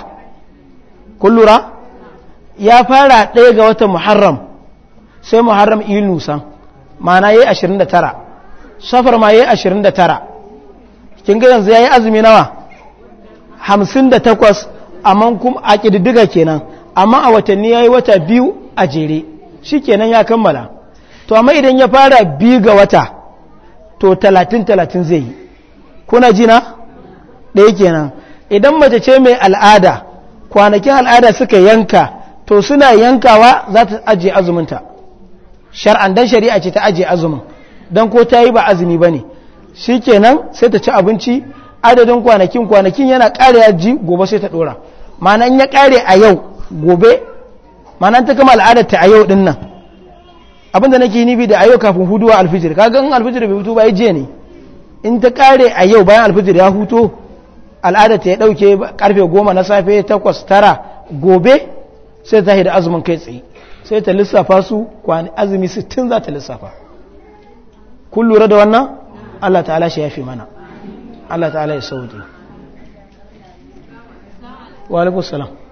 kullura ya fara ɗaya ga watan muharram sai muharram yin nusan mana ya yi 29 safar ma ya yi 29 kin ga yanzu ya yi azumi nawa 58 amma kuma a ƙididdiga kenan amma a watanni ya yi wata biyu a jere shi kenan ya kammala to amma idan ya fara biyu ga wata to 30-30 zai yi kuna jina ɗaya kenan idan mace ce mai al'ada kwanakin al'ada suka yanka to suna yankawa za ta ajiye azuminta shar'an dan shari'a ce ta ajiye azumin dan ko ta yi ba azumi ba ne shi kenan sai ta ci abinci adadin kwanakin kwanakin yana kare ya ji gobe sai ta dora mana in ya kare a yau gobe mana ta kama ta a yau din nan abinda nake nibi da a yau kafin huduwa alfijir kaga in alfijir bai hutu ba ya je ne in ta kare a yau bayan alfijir ya huto ta ya dauke karfe goma na safe takwas tara gobe sai ta da azumin kai tsaye sai ta lissafa su kwani azumi 60 za ta lissafa kun lura da wannan Allah ta'ala shi ya fi mana Allah ta'ala ya sauke wa alaikun salam